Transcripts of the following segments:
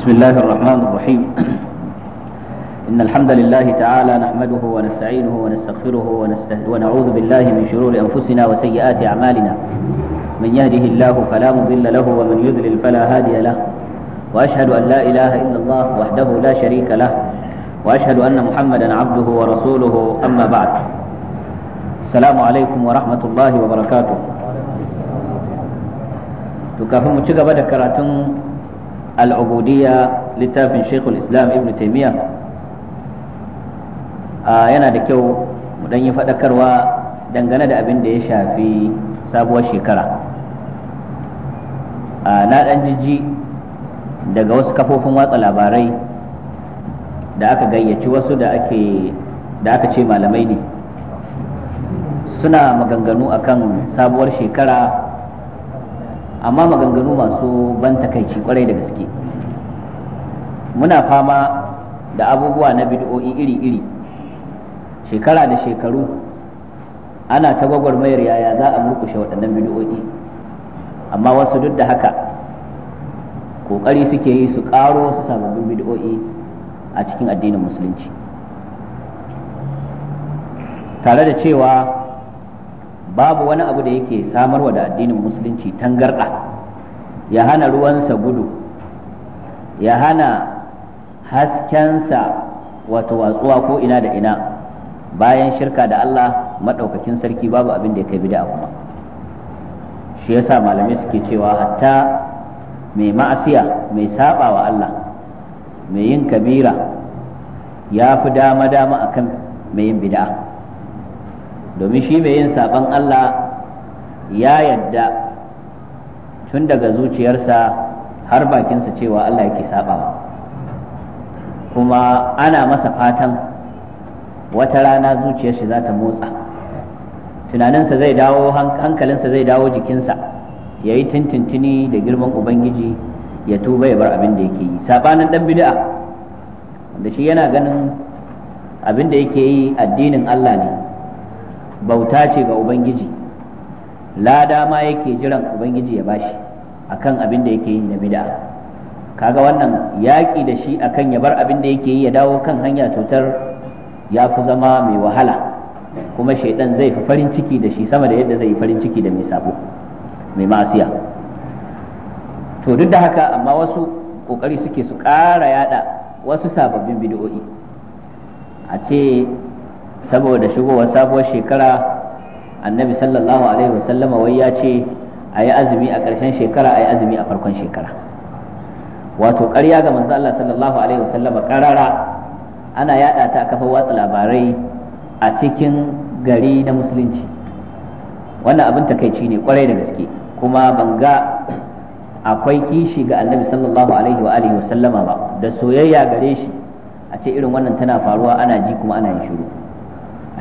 بسم الله الرحمن الرحيم إن الحمد لله تعالى نحمده ونستعينه ونستغفره ونستهد ونعوذ بالله من شرور أنفسنا وسيئات أعمالنا من يهده الله فلا مضل له ومن يذلل فلا هادي له وأشهد أن لا إله إلا الله وحده لا شريك له وأشهد أن محمدا عبده ورسوله أما بعد السلام عليكم ورحمة الله وبركاته تكافئ متشكبة كراتم al'ubudiyya littafin shekul islam ibn taimiyya yana da kyau mu dan yi faɗakarwa dangane da abin da ya shafi sabuwar shekara na ɗan jijji daga wasu kafofin watsa labarai da aka gayyaci wasu da da aka ce malamai ne suna maganganu akan sabuwar shekara amma maganganu masu ban takaici kwarai da gaske muna fama da abubuwa na bid'o'i iri-iri shekara da shekaru ana ta gwagwarmayar yaya za a murkushe waɗannan bid'o'i amma wasu duk da haka ƙoƙari suke yi su ƙaro su sababbin bid'o'i a cikin addinin musulunci tare da cewa babu wani abu da yake samarwa da addinin musulunci tangarɗa ya hana ruwansa gudu ya hana haskensa wato watsuwa ko ina da ina bayan shirka da Allah maɗaukakin sarki babu abin da ya kai bida kuma shi yasa malamai suke cewa hatta mai ma'asiya mai saba wa Allah mai yin kabira ya fi dama dama akan mai yin bid'a domin shi mai yin saban Allah ya yadda tun daga zuciyarsa har bakinsa cewa Allah yake sabawa kuma ana masa fatan wata rana zuciyar shi za ta motsa tunaninsa zai dawo hankalinsa zai dawo jikinsa ya yi tintintini da girman ubangiji ya tuba ya bar abin da yake yi sabanin dan bid'a da shi yana ganin abin da yake yi addinin Allah ne bauta ce ga ubangiji lada ma yake jiran ubangiji ya bashi akan abin da yake yi na bid'a kaga wannan yaƙi da shi akan ya bar abin da yake yi ya dawo kan hanya cutar ya fi zama mai wahala kuma shaidan zai fi farin ciki da shi sama da yadda zai yi farin ciki da mai sabo mai masiya to duk da haka amma wasu kokari suke su ƙara yada wasu sababbin bid'o'i a ce saboda shigowar sabuwar shekara annabi sallallahu alaihi wasallama wai ya ce a yi azumi a ƙarshen shekara a yi azumi a farkon shekara wato ƙarya ga manzo Allah sallallahu alaihi wasallama ƙarara ana yada ta a kafar watsa labarai a cikin gari na musulunci wannan abin takaici ne kwarai da gaske kuma ban ga akwai kishi ga annabi sallallahu alaihi wa alihi wasallama ba da soyayya gare shi a ce irin wannan tana faruwa ana ji kuma ana yin shiru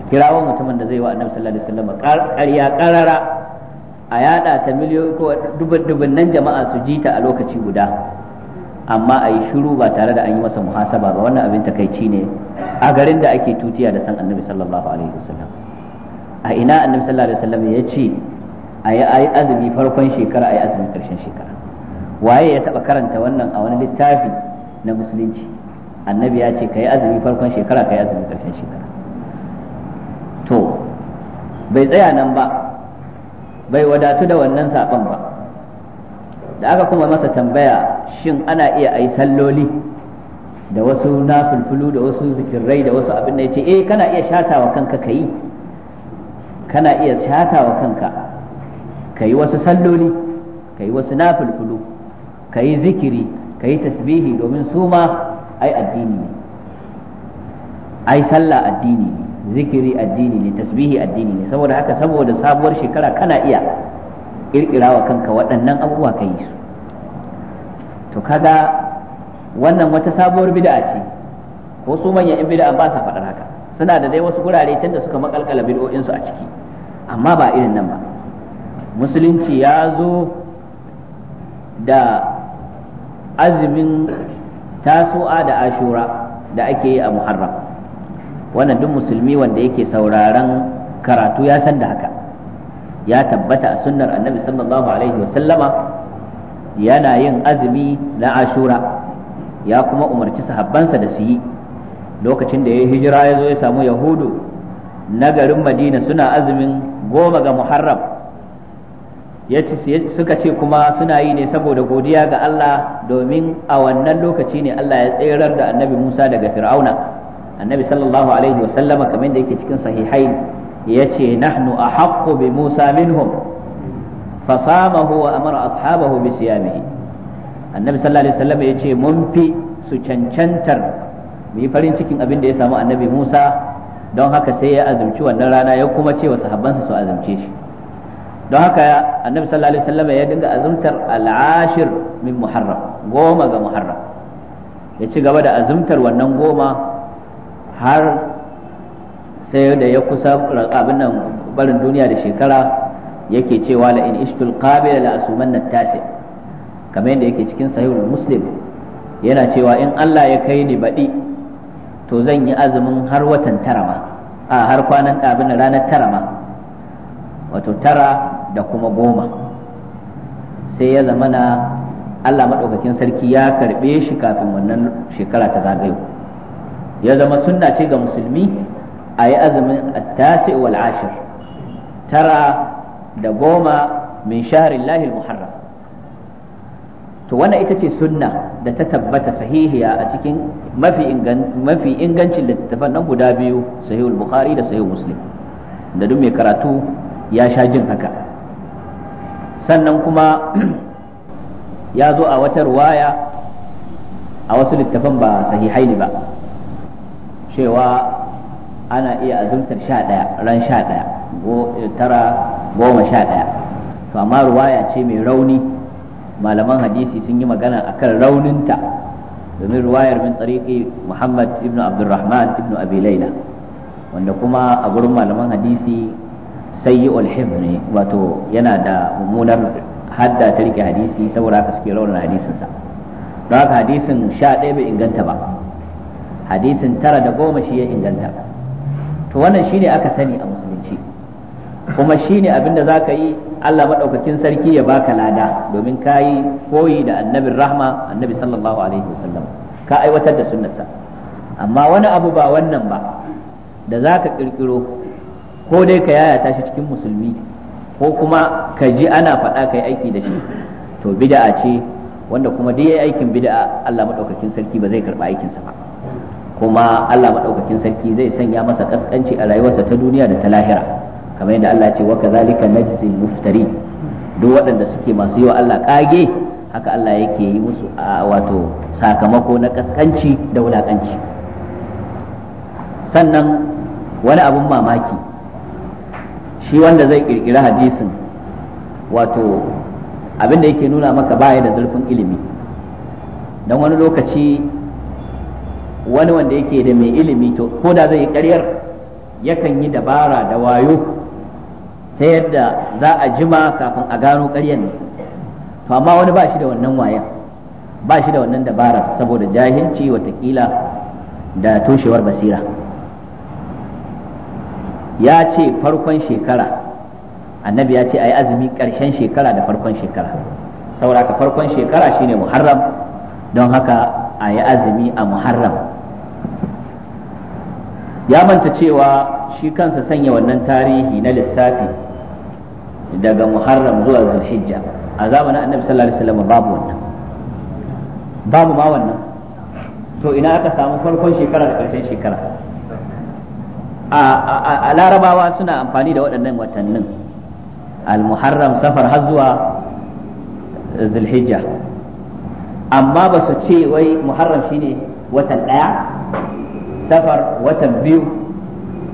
kirawo mutumin da zai wa annabi sallallahu alaihi wasallam ƙarya ƙarara a yada ta miliyoyi ko dubin nan jama'a su ji ta a lokaci guda amma a yi shiru ba tare da an yi masa muhasaba ba wannan abin takaici ne a garin da ake tutiya da san annabi sallallahu alaihi wasallam a ina annabi sallallahu alaihi wasallam ya ce a yi azumi farkon shekara a yi azumi karshen shekara waye ya taba karanta wannan a wani littafi na musulunci annabi ya ce ka yi azumi farkon shekara ka yi azumi karshen shekara bai tsaya nan ba bai wadatu da wannan saɓon ba da aka kuma masa tambaya shin ana iya a yi salloli da wasu nafulfulu da wasu zikirai da wasu abin da ya ce eh kana iya shatawa kanka ka yi kana iya shatawa kanka ka yi wasu salloli ka yi wasu nafulfulu, ka yi zikiri ka yi tasbihi domin su ma ai addini ne ai sallah addini ne zikiri addini ne tasbihi addini ne saboda haka saboda sabuwar shekara kana iya kirkirawa kanka waɗannan abubuwa ka yi su to kaga wannan wata sabuwar bid'a ce ko su manyan in bid'a ba sa faɗar haka suna da dai wasu gurare can da suka makalkala bid'o'in a ciki amma ba irin nan ba musulunci ya zo da azumin tasu'a da ashura da ake yi a muharram wannan duk musulmi wanda yake sauraron karatu ya san da haka ya tabbata a sunnar annabi sallallahu alaihi wasallama yana yin azumi na ashura ya kuma umarci sahabbansa da su yi lokacin da ya hijira ya zo ya samu yahudu na garin madina suna azumin goma ga muharram ya suka ce kuma suna yi ne saboda godiya ga allah domin a wannan lokaci ne allah ya tserar da annabi musa daga fir'auna annabi sallallahu alaihi wasallama kamar da yake cikin sahihain yace nahnu ahaqqu bi Musa minhum fasamahu wa amara ashabahu bi siyamihi annabi sallallahu alaihi wasallama yace mun fi su cancantar mu yi farin cikin abin da ya samu annabi Musa don haka sai ya azumci wannan rana ya kuma ce wa sahabbansa su azumce shi don haka annabi sallallahu alaihi wasallam ya dinga azumtar al'ashir min muharram goma ga muharram ya ci gaba da azumtar wannan goma har sai da ya kusa abin nan barin duniya da shekara yake cewa la in ishtul qabil la asuman tasi kamar yadda yake cikin sahih muslim yana cewa in Allah ya kai ni baɗi to zan yi azumin har watan tara ma a har kwanan abin ranar tara wato tara da kuma goma sai ya zamana Allah maɗaukakin sarki ya karɓe shi kafin wannan shekara ta zagayo ya zama sunna ce ga musulmi a yi azumin attasi wal ashir tara da goma min shahrin lahil muharram to wannan ita ce sunna da ta tabbata sahihiya a cikin mafi ingancin littattafan nan guda biyu sahihul bukhari da sahihul muslim da duk mai karatu ya sha jin haka sannan kuma ya zo a wata ruwaya a wasu littafan ba sahihai ne ba cewa ana iya azumtar sha ɗaya ran sha ɗaya eh, tara goma sha ɗaya to amma ruwaya ce mai rauni malaman hadisi sun yi magana akan rauninta domin ruwayar min tsariki muhammad ibn abdulrahman ibn abi laila wanda kuma a gurin malaman hadisi sai yi ne wato yana da mummunar hadda ta rike hadisi saboda haka suke raunin hadisinsa don haka hadisin sha ɗaya bai inganta ba hadisin tara da goma shi ya inganta to wannan shine aka sani a musulunci kuma shine abin da ka yi Allah maɗaukakin sarki ya baka lada domin kayi koyi da annabin rahma annabi sallallahu alaihi wasallam ka aiwatar da sunnarsa amma wani abu ba wannan ba da zaka kirkiro ko dai ka yayata shi cikin musulmi ko kuma ka ji ana faɗa yi aiki da shi to bida'a ce wanda kuma duk yayi aikin bida'a Allah maɗaukakin sarki ba zai karba aikinsa ba kuma Allah madaukakin sarki zai sanya masa kaskanci a rayuwarsa ta duniya da ta lahira kamar yadda Allah ya ce wa kazalika najzil muftari duk waɗanda suke masu yiwa Allah kage haka Allah yake yi musu wato sakamako na kaskanci da wulakanci sannan wani abun mamaki shi wanda zai ƙirƙiri hadisin wato abin da yake nuna maka baya da zurfin ilimi don wani lokaci wani wanda yake da mai ilimi to ko da zai yi ƙaryar yakan yi dabara da wayo ta yadda za a jima kafin a gano ƙaryar ne to amma wani ba shi da wannan wayan ba shi da wannan dabara saboda jahilci watakila da toshewar basira ya ce farkon shekara annabi ya ce a yi azumi ƙarshen shekara da farkon shekara saboda ka farkon shekara shine muharram don haka a yi azumi a muharram ya manta cewa shi kansa sanya wannan tarihi na lissafi daga muharram zuwa zulhijja a zamanin annabi sallallahu alaihi wasallam babu wannan babu ma wannan to ina aka samu farkon shekara da ƙarshen shekara a larabawa suna amfani da waɗannan watannin al-muharram safar har zuwa zulhijja amma ba su ce wai muharram shine watan ɗaya safar watan biyu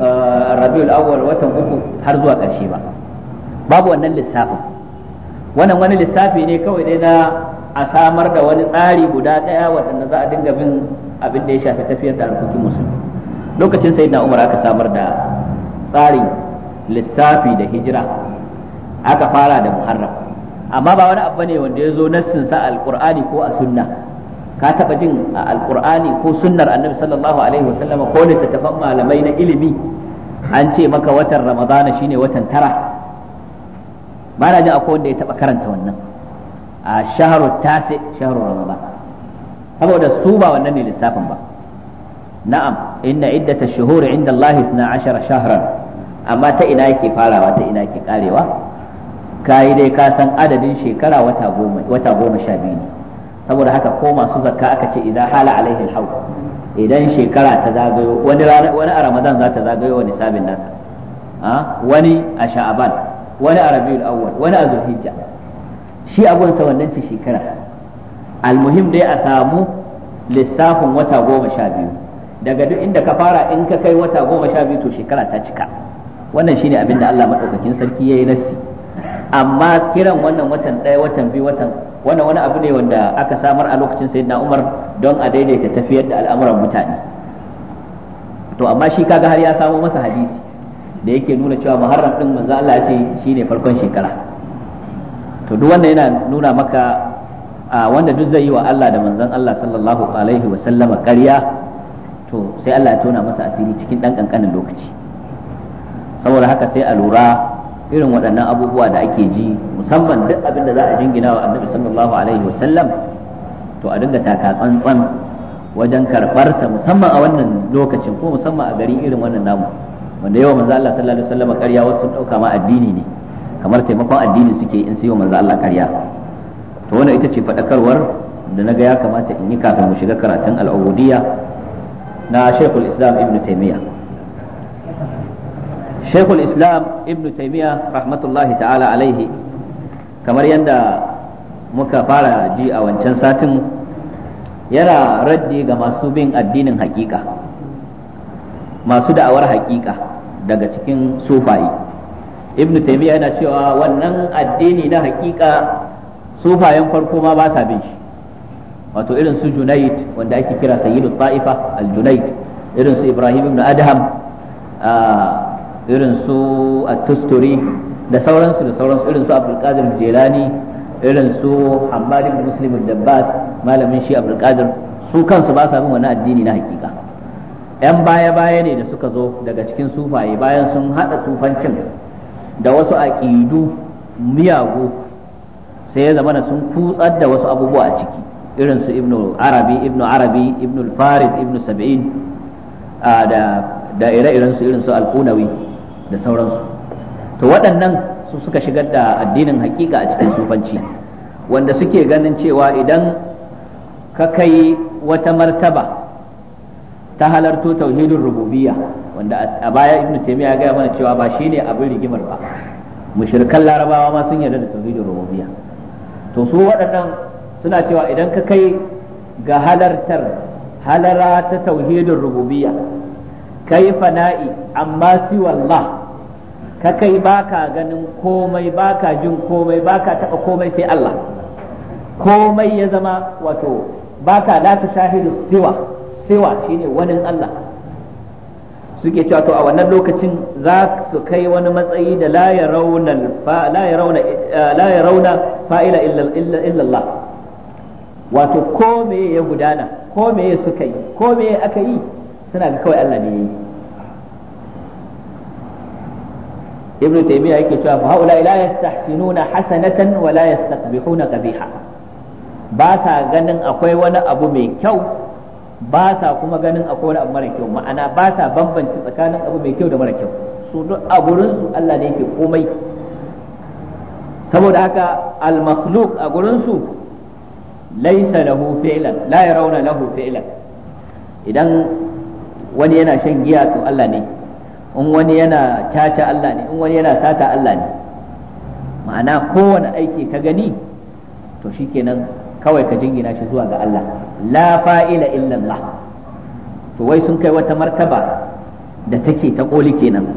uh, rabiul awwal watan uku har zuwa ƙarshe ba babu wannan lissafin wannan wani lissafi ne kawai dai na a samar da wani tsari guda ɗaya waɗanda za a dinga bin abin da ya shafi tafiyar da harkokin musulmi lokacin sai na umar aka samar da tsari lissafi da hijira aka fara da muharram amma ba wani abu ne wanda ya zo nassin sa alqur'ani ko a sunna ka taɓa jin a alqur'ani ko sunnar annabi sallallahu alaihi wasallam ko littattafan malamai na ilimi an ce maka watan ramadana shine watan tara ba na jin akwai wanda ya taɓa karanta wannan a shaharu tasi shaharu ramadan saboda su ba wannan ne lissafin ba na'am inna iddata shuhuri inda Allah 12 shahran amma ta ina yake farawa ta ina yake karewa yi dai ka san adadin shekara wata goma sha biyu ne saboda haka ko masu zakka aka ce idan hala alaihi hau idan shekara ta zagayo wani wani a ramadan za ta zagayo wani sabin nasa ah, wani a sha'aban wani a rabiul awwal wani a zulhijja shi abun sa wannan ce shekara almuhim dai a samu lissafin wata goma sha biyu daga duk inda ka fara in ka kai wata goma sha biyu to shekara ta cika wannan shine abin da Allah madaukakin sarki yayi nassi amma kiran wannan watan ɗaya watan biyu watan wannan wani abu ne wanda aka samar a lokacin na Umar don a daidaita tafiyar da al'amuran mutane to amma shi kaga har ya samo masa hadisi da yake nuna cewa muharram din manzo Allah ya ce shine farkon shekara to duk wanda yana nuna maka a wanda duk zai yi wa Allah da manzon Allah sallallahu alaihi wa sallama ƙarya to sai Allah ya tona masa asiri cikin dan kankanin lokaci saboda haka sai a lura irin waɗannan abubuwa da ake ji musamman duk abin da za a jingina wa annabi sallallahu alaihi wasallam to a dinga taka tsantsan wajen karɓar ta musamman a wannan lokacin ko musamman a gari irin wannan namu wanda yawa manzo Allah sallallahu alaihi wasallam ƙarya wasu sun dauka ma addini ne kamar taimakon addini suke in sai manzo Allah ƙarya to wannan ita ce fadakarwar da naga ya kamata in yi kafin mu shiga karatun al-ubudiyya na Sheikhul Islam Ibn Taymiyyah sheikhul islam ibnu taymiya rahmatullahi ta'ala alaihi kamar yadda muka fara ji a wancan satin yana raddi ga masu bin addinin hakika masu da'awar hakika daga cikin sufayi Ibn taymiya yana cewa wannan addini na hakika sufayen farko ma ba sa bin shi wato irin su junaid wanda ake kira sayyidu ta'ifa al-junaid irin su ibrahim ibn adham ah, irin su at-tusturi da sauransu da sauransu irin su abdul qadir jilani irin su hammad ibn muslim dabbas malamin shi abdul qadir su kansu ba sa bin wani addini na hakika yan baya baya ne da suka zo daga cikin sufaye bayan sun hada sufancin da wasu aqidu miyagu sai ya zama na sun kutsar da wasu abubuwa a ciki irin su ibnu arabi ibnu arabi ibnu farid ibnu sab'in da da ire-iren su irin su alkunawi. da sauransu to waɗannan su suka shigar da addinin hakika a cikin sufanci wanda suke ganin cewa idan ka kai wata martaba ta halarto tauhidin rububiyya wanda a baya ibnu taymiya ya gaya mana cewa ba shine abin rigimar ba mushrikan larabawa ma sun yarda da tauhidin rububiyya to su waɗannan suna cewa idan ka kai ga halartar halara ta tauhidin rububiyya kai fana'i amma siwallah ka kai baka ganin komai ka jin komai baka taba komai sai Allah komai ya zama wato baka la ta shahidu siwa siwa shine wani Allah suke cewa to a wannan lokacin za su kai wani matsayi da la ya rauna la ya rauna eh, fa'ila illa Allah wato ko me ya gudana ko me suka yi ko me aka yi suna ga kawai Allah ne yi ibnu taymiya yake cewa fa haula la yastahsinuna hasanatan wa la yastaqbihuna qabiha ba sa ganin akwai wani abu mai kyau ba sa kuma ganin akwai wani abu mara kyau ma'ana ba sa bambanci tsakanin abu mai kyau da mara kyau su duk a gurin Allah ne yake komai saboda haka al makhluq a gurin su laysa lahu fi'lan idan wani yana shan giya to Allah ne in wani yana caca Allah ne in wani yana sata Allah ne ma'ana kowane aiki ka gani to shikenan kawai ka jingina shi zuwa ga Allah la fa'ila illa Allah to wai sun kai wata martaba da take ta koli kenan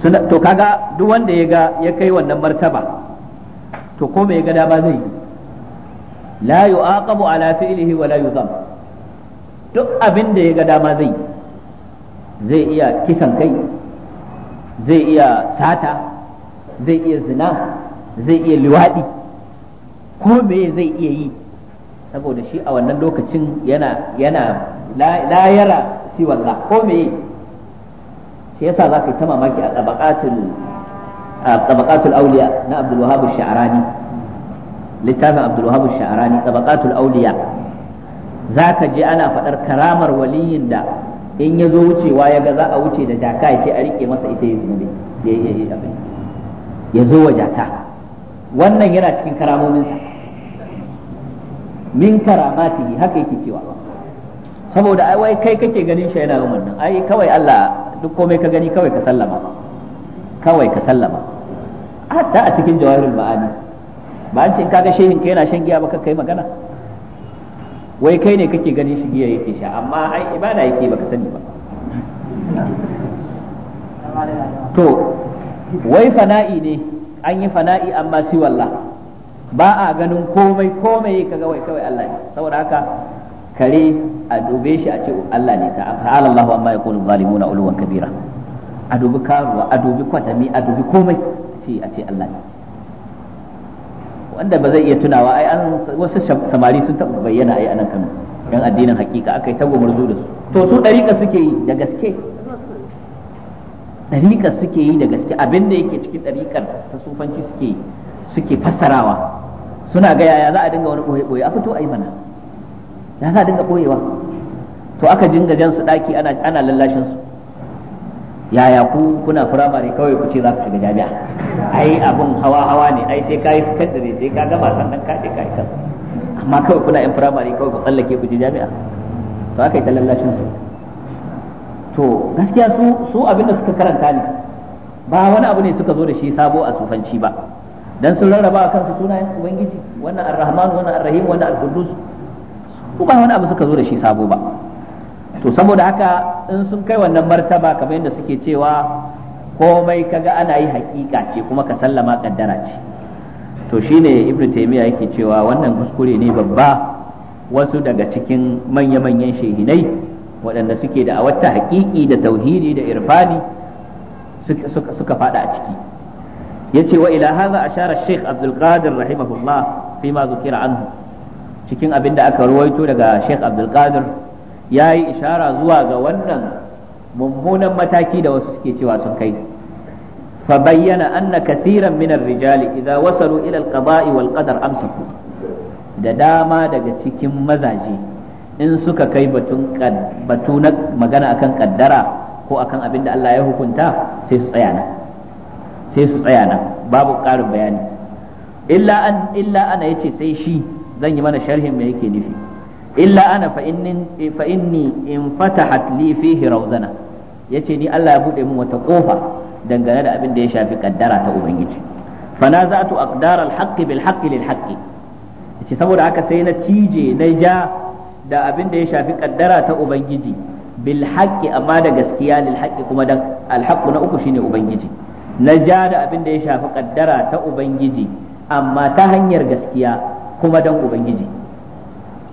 suna to kaga duk wanda ya ga ya kai wannan martaba to ko me ya ga ba zai yi la yu'aqabu ala fi'lihi wa la yuzam duk abin da ya ga dama zai yi zai iya kisan kai zai iya sata zai iya zina zai iya liwaɗi ko me zai iya yi saboda shi a wannan lokacin yana yana la shi walla ko me shi yasa za ka yi ta mamaki a tabaqatul a tabaqatul awliya na Abdul Wahhab Sha'rani littafin Abdul Wahhab Sha'rani tabaqatul za ka ji ana faɗar karamar waliyin da in ya zo wucewa ya ga za a wuce da jaka ya ce a rike masa ita ya zube ya yi abin ya zo wa jaka wannan yana cikin karamominsa min karamati haka yake cewa saboda ai wai kai kake ganin shi yana wannan ai kawai Allah duk komai ka gani kawai ka sallama kawai ka sallama hatta a cikin jawahirul ma'ani ba an ce kaga shehin ka yana shan giya ba kai magana wai kai ne kake ganin shi giya yake sha amma ai ibada yake baka sani ba to wai fana'i ne an yi fana'i amma si wallah ba a ganin komai komai kaga wai kawai Allah ne saboda haka kare a dube shi a ce Allah ne ta'ala Allahu amma yaqulu zalimuna uluwan kabira a dubi karuwa a dubi kwatami a dubi komai ce a ce Allah ne wanda ba zai iya tunawa ai an wasu samari sun taɓa bayyana ai anan Kano yan addinin hakika aka yi tagomar zu da su to su dariƙa suke yi da gaske dariƙa suke yi da gaske abin da yake cikin dariƙar ta sufanci suke suke fassarawa suna ga yaya za a dinga wani ɓoye-ɓoye a fito ai mana ya za a dinga ɓoyewa to aka dinga jan su ɗaki ana ana lallashin su yaya ku kuna firamare kawai ku ce za ku shiga jami'a ai abun hawa hawa ne ai sai kai ne sai ka gama sannan ka je kai kan amma kawai kuna in firamare kawai ku tsallake ku je jami'a to aka yi ta lallashin su to gaskiya su su abin da suka karanta ne ba wani abu ne suka zo da shi sabo a sufanci ba dan sun rarraba a kansu sunayen ubangiji wannan ar-rahman wannan ar-rahim wannan al-qudus ba wani abu suka zo da shi sabo ba to saboda haka in sun kai wannan martaba kamar yadda suke cewa komai kaga ana yi hakika ce kuma ka sallama kaddara ce to shine ibnu taymiya yake cewa wannan kuskure ne babba wasu daga cikin manya-manyan shehinai waɗanda suke da wata haƙiƙi da tauhidi da irfani suka fada a ciki yace wa ila hadha ashara sheikh abdul qadir rahimahullah fi ma zukira anhu cikin abin da aka ruwaito daga sheikh abdul qadir ya yi ishara zuwa ga wannan mummunan mataki da wasu suke cewa sun kai fa bayyana anna kathiran min rijali idza wasalu ila al wal qadar amsaku da dama daga cikin mazaje in suka kai batun batu na magana akan kaddara ko akan abin da Allah ya hukunta sai su tsaya nan sai su tsaya nan babu karin bayani illa an illa ana yace sai shi zan yi mana sharhin me yake nufi illa ana fa inni in fatahat li fihi rawzana yace ni Allah ya bude min wata kofa dangane da abin da ya shafi kaddara ta ubangiji fanaza'tu aqdar al-haqq bil haqq lil haqq yace saboda haka sai na cije na ja da abin da ya shafi kaddara ta ubangiji bil haqqi amma da gaskiya lil haqqi kuma dan al-haqqu na uku shine ubangiji na ja da abin da ya shafi kaddara ta ubangiji amma ta hanyar gaskiya kuma dan ubangiji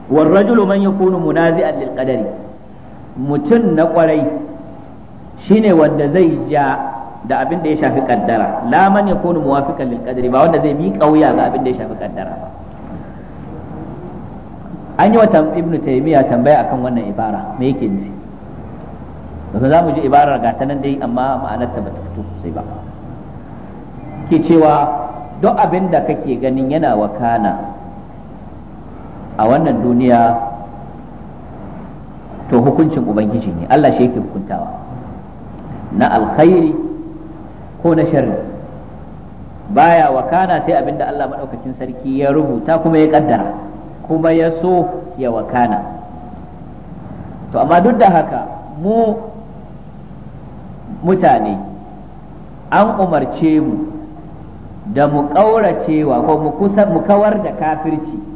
wal rajulu man yakunu munazi'an lil qadari mutum na kwarai shine wanda zai ja da abin da ya shafi kaddara la man yakunu muwafiqan lil qadari ba wanda zai miƙa wuya ga abin da ya shafi kaddara ba an yi wa ibnu taymiya tambaya akan wannan ibara me yake nufi ba za mu ji ibarar ga ta nan dai amma ma'anarta ba ta fito sosai ba ke cewa duk abin da kake ganin yana wakana a wannan duniya to hukuncin ubangiji ne Allah shi yake hukuntawa na alkhairi ko na sharri baya wakana sai abinda Allah maɗaukacin sarki ya rubuta kuma ya kaddara kuma ya so ya wakana to amma duk da haka mu mutane an umarce mu da mu ƙauracewa ko mu kawar da kafirci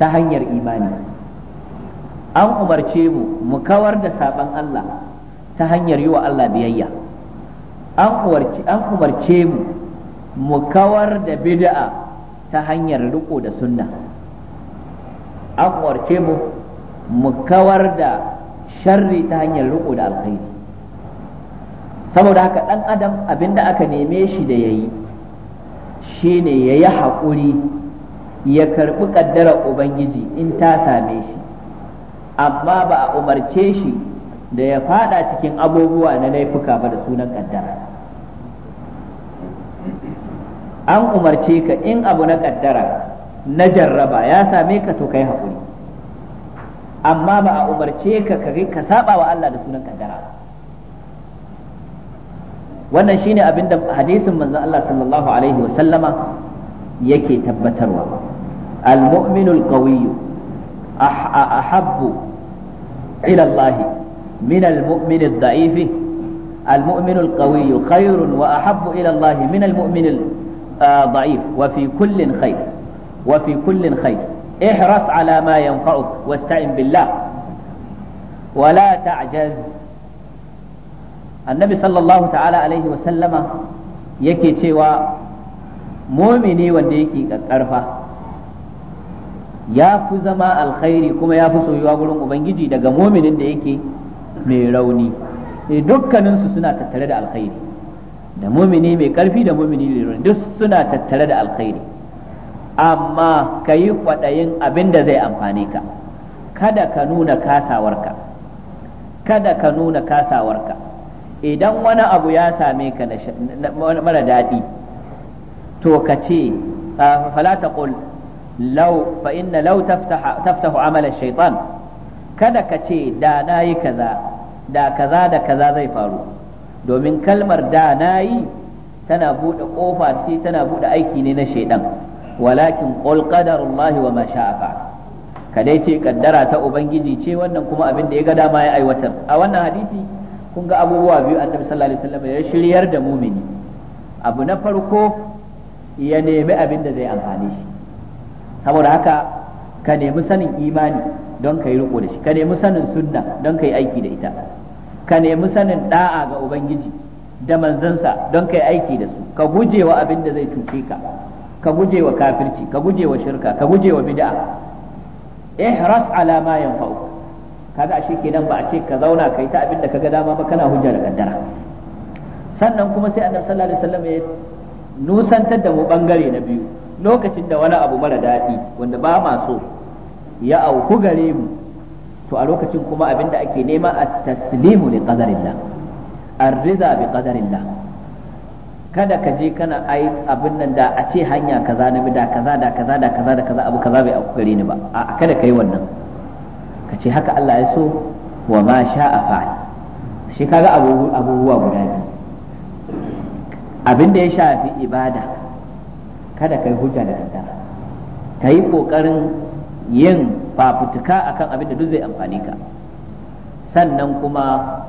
ta hanyar imani an umarce mu mu kawar da saban Allah ta hanyar yi wa Allah biyayya an umarce mu mu kawar da bid'a ta hanyar riko da sunna an umarce mu mu kawar da sharri ta hanyar riko da alkhairi saboda haka dan adam abinda aka neme shi da yayi shine yayi haƙuri ya karbi kaddarar ubangiji in ta same shi amma ba a umarce shi da ya fada cikin abubuwa na laifuka ba da sunan kaddara an umarce ka in abu na kaddara na jarraba ya same ka to kai haƙuri amma ba a umarce ka ka saba wa Allah da sunan kaddara wannan shine abinda hadisin manzon Allah sallallahu alaihi wasallama yake tabbatarwa المؤمن القوي أحب إلى الله من المؤمن الضعيف المؤمن القوي خير وأحب إلى الله من المؤمن الضعيف وفي كل خير وفي كل خير احرص على ما ينفعك واستعن بالله ولا تعجز النبي صلى الله تعالى عليه وسلم yake cewa momini wanda yake ƙarfa ya fi zama alkhairi kuma ya fi soyuwa gurin ubangiji daga muminin da yake mai rauni eh, dukkaninsu suna tattare da alkhairi da mumini mai karfi da mumini mai rauni duk suna tattare da alkhairi amma ka yi kwaɗayin abin da zai amfani ka kada ka nuna kasawarka kada ka nuna kasawarka idan wani abu ya same ka mara daɗi to ka ce ah, fala ta law fa inna law taftaha taftahu amala kada ka ce da yi kaza da kaza da kaza zai faru domin kalmar da yi tana bude ƙofa ce tana bude aiki ne na shaidan walakin qul qadarullahi wa ma kadai ce kaddara ta ubangiji ce wannan kuma abin da ya ga dama ya aiwatar a wannan hadisi kun ga abubuwa biyu annabi sallallahu alaihi wasallam ya shiryar da mumini abu na farko ya nemi abin da zai amfane shi saboda haka ka nemi sanin imani don ka yi riko da shi ka nemi sanin sunna don ka yi aiki da ita ka nemi sanin da'a ga ubangiji da manzansa don ka yi aiki da su ka guje wa abin da zai cuce ka ka guje wa kafirci ka guje wa shirka ka guje wa bid'a ihras ala ma yanfa'u kaga ashe kenan ba a ce ka zauna kai ta abin da kaga dama ba kana hujja da kaddara sannan kuma sai annabi sallallahu alaihi wasallam ya nusantar da mu bangare na biyu lokacin da wani abu mara daɗi wanda ba ma so ya auku gare mu to a lokacin kuma abinda ake nema a taslimu li qadarillah arriza bi qadarillah kada ka je kana ai abin nan da a ce hanya kaza na bi da kaza da kaza da kaza da kaza abu kaza bai auku gare ni ba a kada kai wannan ka ce haka Allah ya so wa ma sha'a fa'al shi kaga abubuwa guda biyu abin da ya shafi ibada kada ka kai hujja da ka kai ƙoƙarin yin fafutuka akan abin da duk zai amfani ka sannan kuma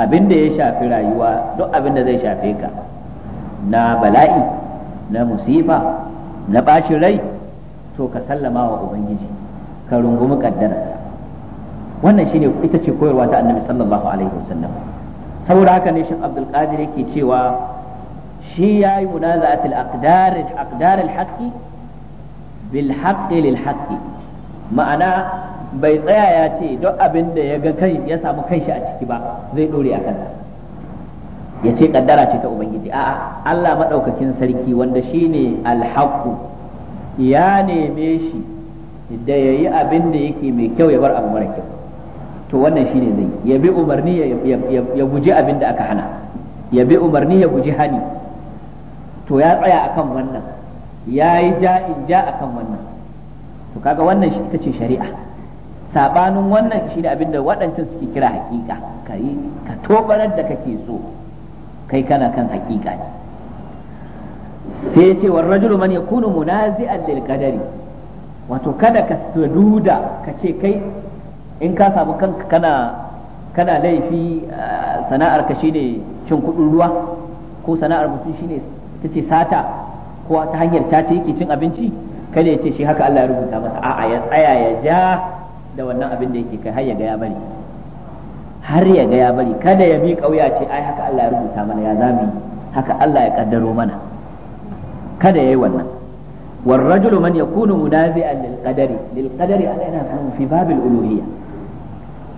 abin da ya shafi rayuwa duk abin da zai shafe ka na bala'i na musifa na ɓacin rai to ka sallama wa ubangiji ka rungumi kaddararsa wannan shine ita ce koyarwa ta annabi sallallahu alaihi wasallam saboda haka ne shin abdul qadir yake cewa shi yayi munaza'atul aqdar aqdar al-haqqi bil haqqi lil haqqi ma'ana bai tsaya ya ce duk abinda da ya ga kai ya samu kanshi a ciki ba zai dore a kansa ya ce kaddara ce ta a'a Allah madaukakin sarki wanda shine ya neme shi da yayi abin da yake mai kyau ya bar abu mara kyau to wannan ne zai ya bi umarni ya guji abin da aka hana ya bi umarni ya guji hani to ya tsaya akan wannan ya yi ja'in ja akan wannan to kaga wannan shi ita ce shari'a sabanin wannan shi da abinda waɗancan suke kira haƙiƙa, ka yi ka tobarar da kake so kai kana kan haƙiƙa ne sai ya ce warrajulu man yakunu munazi'an lil qadari wato kada ka saduda ka ce kai in ka samu kanka kana kana laifi sana'ar ka shine cin kudin ruwa ko sana'ar mutum shine ta ce sata ko ta hanyar ta ce yake cin abinci kada ya ce shi haka Allah ya rubuta masa a'a ya tsaya ya ja da wannan abin da yake kai har ya ga ya bari har ya ga ya bari kada ya bi kauya ce ai haka Allah ya rubuta mana ya zami haka Allah ya kaddaro mana kada yayi wannan والرجل من يكون منازعا للقدر للقدر أنا أنا في باب الألوهية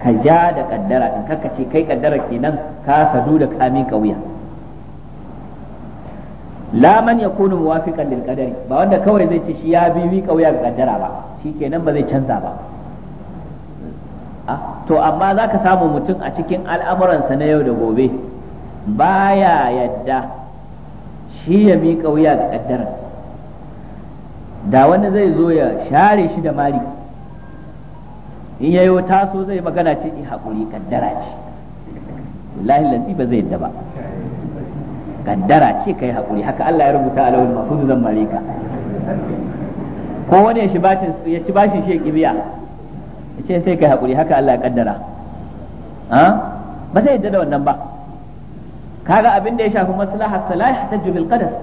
ka ja da kaddara in kaka ce kai kaddara kenan ka sadu da kamin ka la man yakunu muwafiqan lil qadari ba wanda kawai zai ci shi ya bi bi kauya ga kaddara ba shikenan ba zai canza ba ah, to amma zaka samu mutum a cikin al'amuransa na yau da gobe baya yadda shi ya bi kauya ga kaddara da wani zai zo ya share shi da mari in yayo taso zai magana ce i hakuri kaddara ce wallahi lazi ba zai yadda ba kaddara ce kai hakuri haka Allah ya rubuta a lawul mahfuz zan malika ko wani ya ci bashin ya ci bashin shi ya kibiya ce sai kai hakuri haka Allah ya kaddara ha ba zai yadda da wannan ba kaga abin da ya shafi maslaha salah tajju bil qadar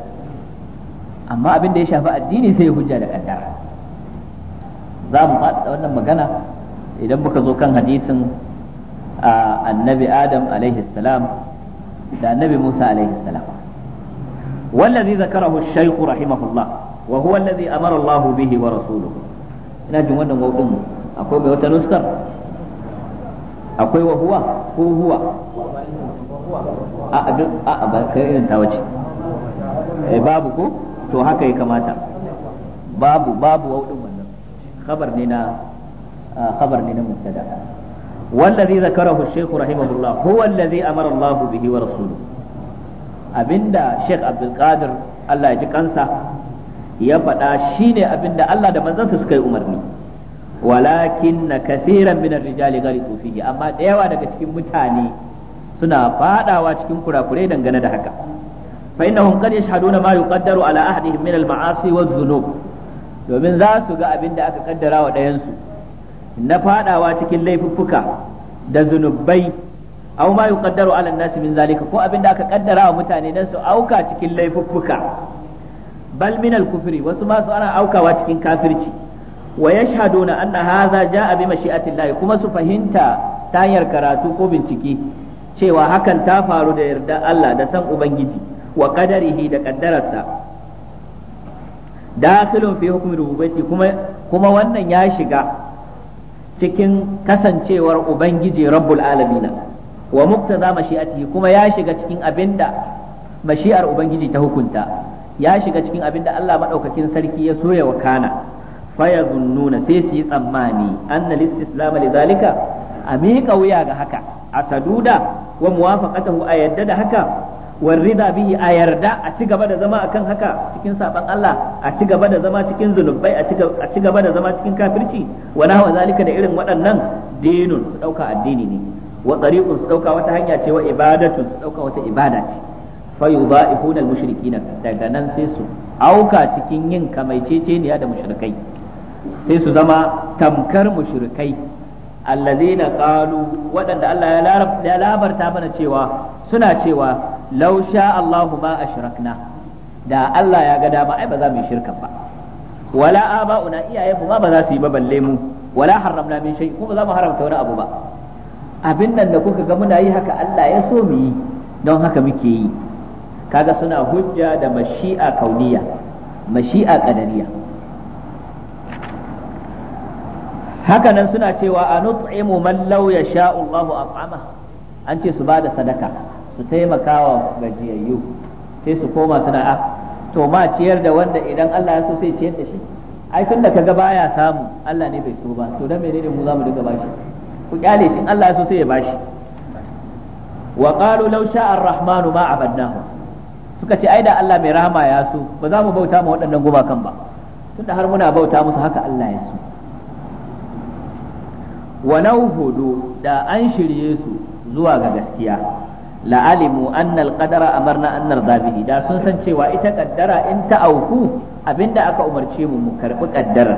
amma abin da ya shafi addini sai ya hujja da kaddara za mu faɗa wannan magana idan muka zo kan hadisin annabi adam alaihi salam da annabi musa alaihi salam wallazi zakarahu shaykh rahimahullah wa huwa allazi amara Allah bihi wa rasuluhu ina jin wannan wawdin akwai mai akwai wa huwa ko huwa a duk a ba kai irin ta wace eh babu ko to haka ya kamata babu babu والذي ذكره الشيخ رحمه الله هو الذي أمر الله به ورسوله abinda Sheikh Abdul Qadir Allah ya ji kansa ya faɗa shine abinda Allah da manzansa suka yi umarni walakin na kasiran minar rijali gari fihi amma da yawa daga cikin mutane suna fadawa cikin kurakurai dangane da haka fa innahum qad yashhaduna ma yuqaddaru ala ahadihim min al-ma'asi wadh-dhunub domin za su ga abin da aka kaddara wa ɗayansu na fadawa cikin laifuffuka da zunubai aw ma yuqaddaru ala an-nas min zalika ko abinda aka kaddara wa mutane dan su auka cikin laifuffuka bal min al-kufri wasu ma su ana aukawa cikin kafirci wa yashhaduna anna hadha jaa bi llahi kuma su fahimta ta hanyar karatu ko bincike cewa hakan ta faru da yarda Allah da san ubangiji wa qadarihi da kaddararsa dakhilun fi hukmi rububiyyati kuma kuma wannan ya shiga cikin kasancewar ubangiji rabbul alamin wa muqtaza mashi'atihi kuma ya shiga cikin da mashi'ar ubangiji ta hukunta ya shiga cikin abin da Allah madaukakin sarki ya soya wa kana fayazunnuna sai su yi tsammani anna listislam zalika, a miƙa wuya ga haka a saduda wa muwafaqatahu a yadda da haka warrida bihi a yarda a ci gaba da zama akan haka cikin saban Allah a ci gaba da zama cikin zunubai a ci gaba da zama cikin kafirci wa nahwa zalika da irin waɗannan dinun su dauka addini ne wa tariqun su ɗauka wata hanya ce wa ibadatu su ɗauka wata ibada ce fa yudaifuna al-mushrikina daga nan sai su auka cikin yin kamaiceceniya da mushrikai sai su zama tamkar mushrikai allazina qalu waɗanda Allah ya labarta mana cewa suna cewa law sha Allahu ma shirakna. da Allah ya ga dama ai ba za mu yi shirka ba wala aba'una iyayenmu ma ba za su yi ba balle mu wala haramna min shay ko ba za mu haramta wani abu ba abin nan da kuka ga muna yi haka Allah ya so mu yi don haka muke yi kaga suna hujja da mashi'a kauniya mashi'a qadariya haka nan suna cewa a nut'imu man law yasha'u Allahu at'ama an ce su ba sadaka su taimakawa gajiyayyu sai su koma suna a ah, to ma ciyar da wanda idan Allah ya so sai ciyar da shi ai tunda da kaga baya samu Allah ne bai so ba to dan menene mu zamu dinga bashi ku kyale shi Allah ya so sai ya bashi wa qalu law sha'a ar-rahmanu ma abadnahu suka ce ai da Allah mai rahama ya so ba za mu bauta ma waɗannan gumakan ba tunda har muna bauta musu haka Allah ya so wa nauhudu da an shirye su zuwa ga gaskiya la'alimu anna al-qadara amarna an nardabihi da sun san cewa ita kaddara in ta auku abinda aka umarce mu mu karbi kaddara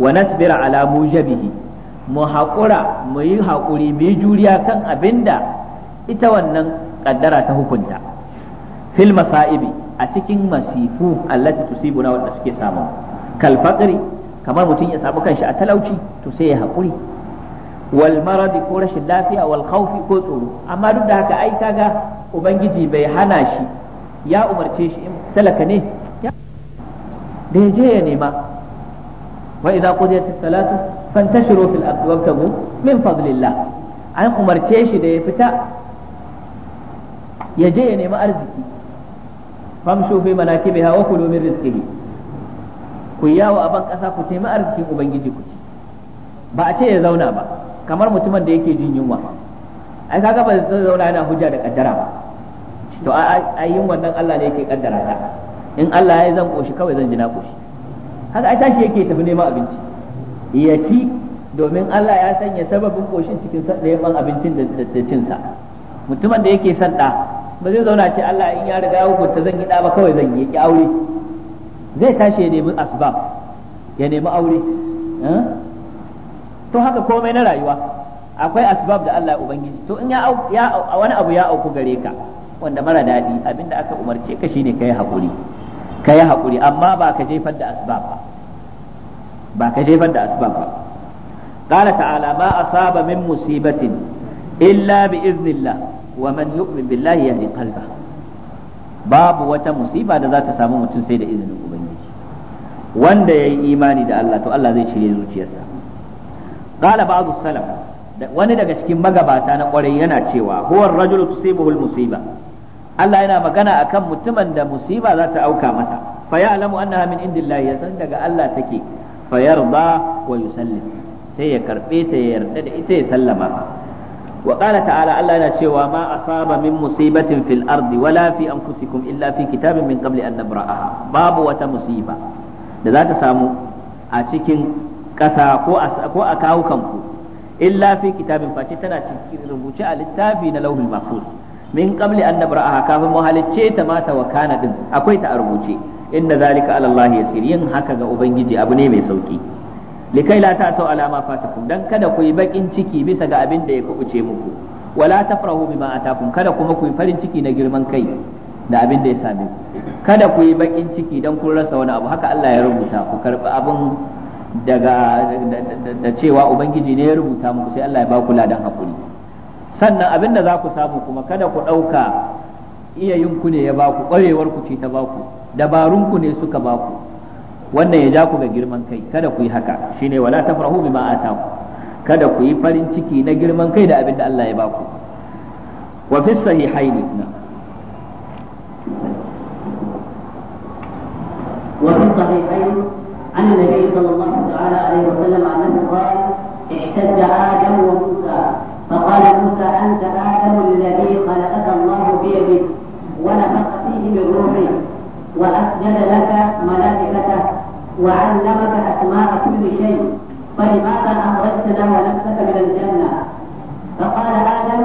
wa nasbira ala mujabihi mu haƙura mu yi haƙuri mu yi juriya kan abin da ita wannan ƙaddara ta hukunta fil masa'ibi a cikin masifu allati tusibuna wanda suke samu kal kamar mutum ya samu kanshi a talauci to sai ya haƙuri wal maradi ko rashin lafiya wal khawfi ko tsoro amma duk da haka ai kaga ubangiji bai hana shi ya umarce shi in talaka ne da ya je ya nema wa idza qudiyat salatu fantashiru fil ardi wabtagu min fadlillah an umarce shi da ya fita ya je ya nemi arziki famshu fi manakibiha wa kulu min rizqihi ku yawo a ban kasa ku taimi arzikin ubangiji ku ci ba a ce ya zauna ba kamar mutumin da yake jin yunwa ai kaga ba zai zauna yana hujja da kaddara ba to a yin wannan Allah ne yake kaddara ta in Allah ya yi zan koshi kawai zan jina na koshi haka ai tashi yake tafi neman abinci ya ci domin Allah ya sanya sababin koshin cikin ɗayan abincin da cinsa mutumin da yake sanda ba zai zauna ce Allah in ya riga ya hukunta zan yi ɗa ba kawai zan yi aure zai tashi ya nemi asbab ya nemi aure eh? to haka komai na rayuwa akwai asbab da Allah ubangiji to in ya wani abu ya auku gare ka wanda mara daɗi abinda aka umarce ka shine kai haƙuri kai haƙuri amma ba ka jefar da asbab ba ba ka jefar da asbab ba qala ta'ala ma asaba min musibatin illa bi iznillah wa man yu'min billahi yahdi qalba babu wata musiba da za ta samu mutum sai da izinin ubangiji wanda yayi imani da Allah to Allah zai cire zuciyarsa qala ba'du salaf wani daga cikin magabata na kwarai yana cewa huwa ar-rajulu tusibuhu al-musiba Allah yana magana akan mutumin da musiba za ta auka masa fa ya'lamu annaha min indillahi ya daga Allah take fayarda wa yusallim sai ya karbe ta ya yarda da ita ya sallama wa qala ta'ala Allah yana cewa ma asaba min musibatin fil ardi wala fi anfusikum illa fi kitabin min qabli an nabra'aha babu wata musiba da za ta samu a cikin ƙasa ko a kawo kanku illa fi kitabin face tana cikin rubuce a littafi na lauhul mahfuz min qabli an nabra'aha kafin mu halicce ta mata wa kana din akwai ta a rubuce inna zalika ala Allah yasir yin haka ga ubangiji abu ne mai sauki likai la ta'sau ala ma fatakum dan kada ku yi bakin ciki bisa ga abin da ya kubuce muku wala tafrahu bima atakum kada kuma ku yi farin ciki na girman kai da abin da ya same ku kada ku yi bakin ciki dan kun rasa wani abu haka Allah ya rubuta ku karbi abin daga da cewa ubangiji ne ya rubuta muku sai Allah ya ba ku ladan hakuri sannan abin da za ku samu kuma kada ku ɗauka iya ku ne ya ba ku ƙwarewar ku ce ta ba ku dabarunku ne suka ba ku wannan ya ja ku ga girman kai kada ku yi haka shine wala tafrahu bima ataku kada ku yi farin ciki na girman kai da abin da Allah ya ba ku wa fi sahihaini وفي الصحيحين عن النبي صلى الله تعالى عليه وسلم انه قال احتج ادم وموسى فقال موسى انت ادم الذي خلقك الله بيده ونفخ فيه من روحه وأسجد لك ملائكته وعلمك أسماء كل شيء فلماذا أخرجتنا ونفسك من الجنة فقال آدم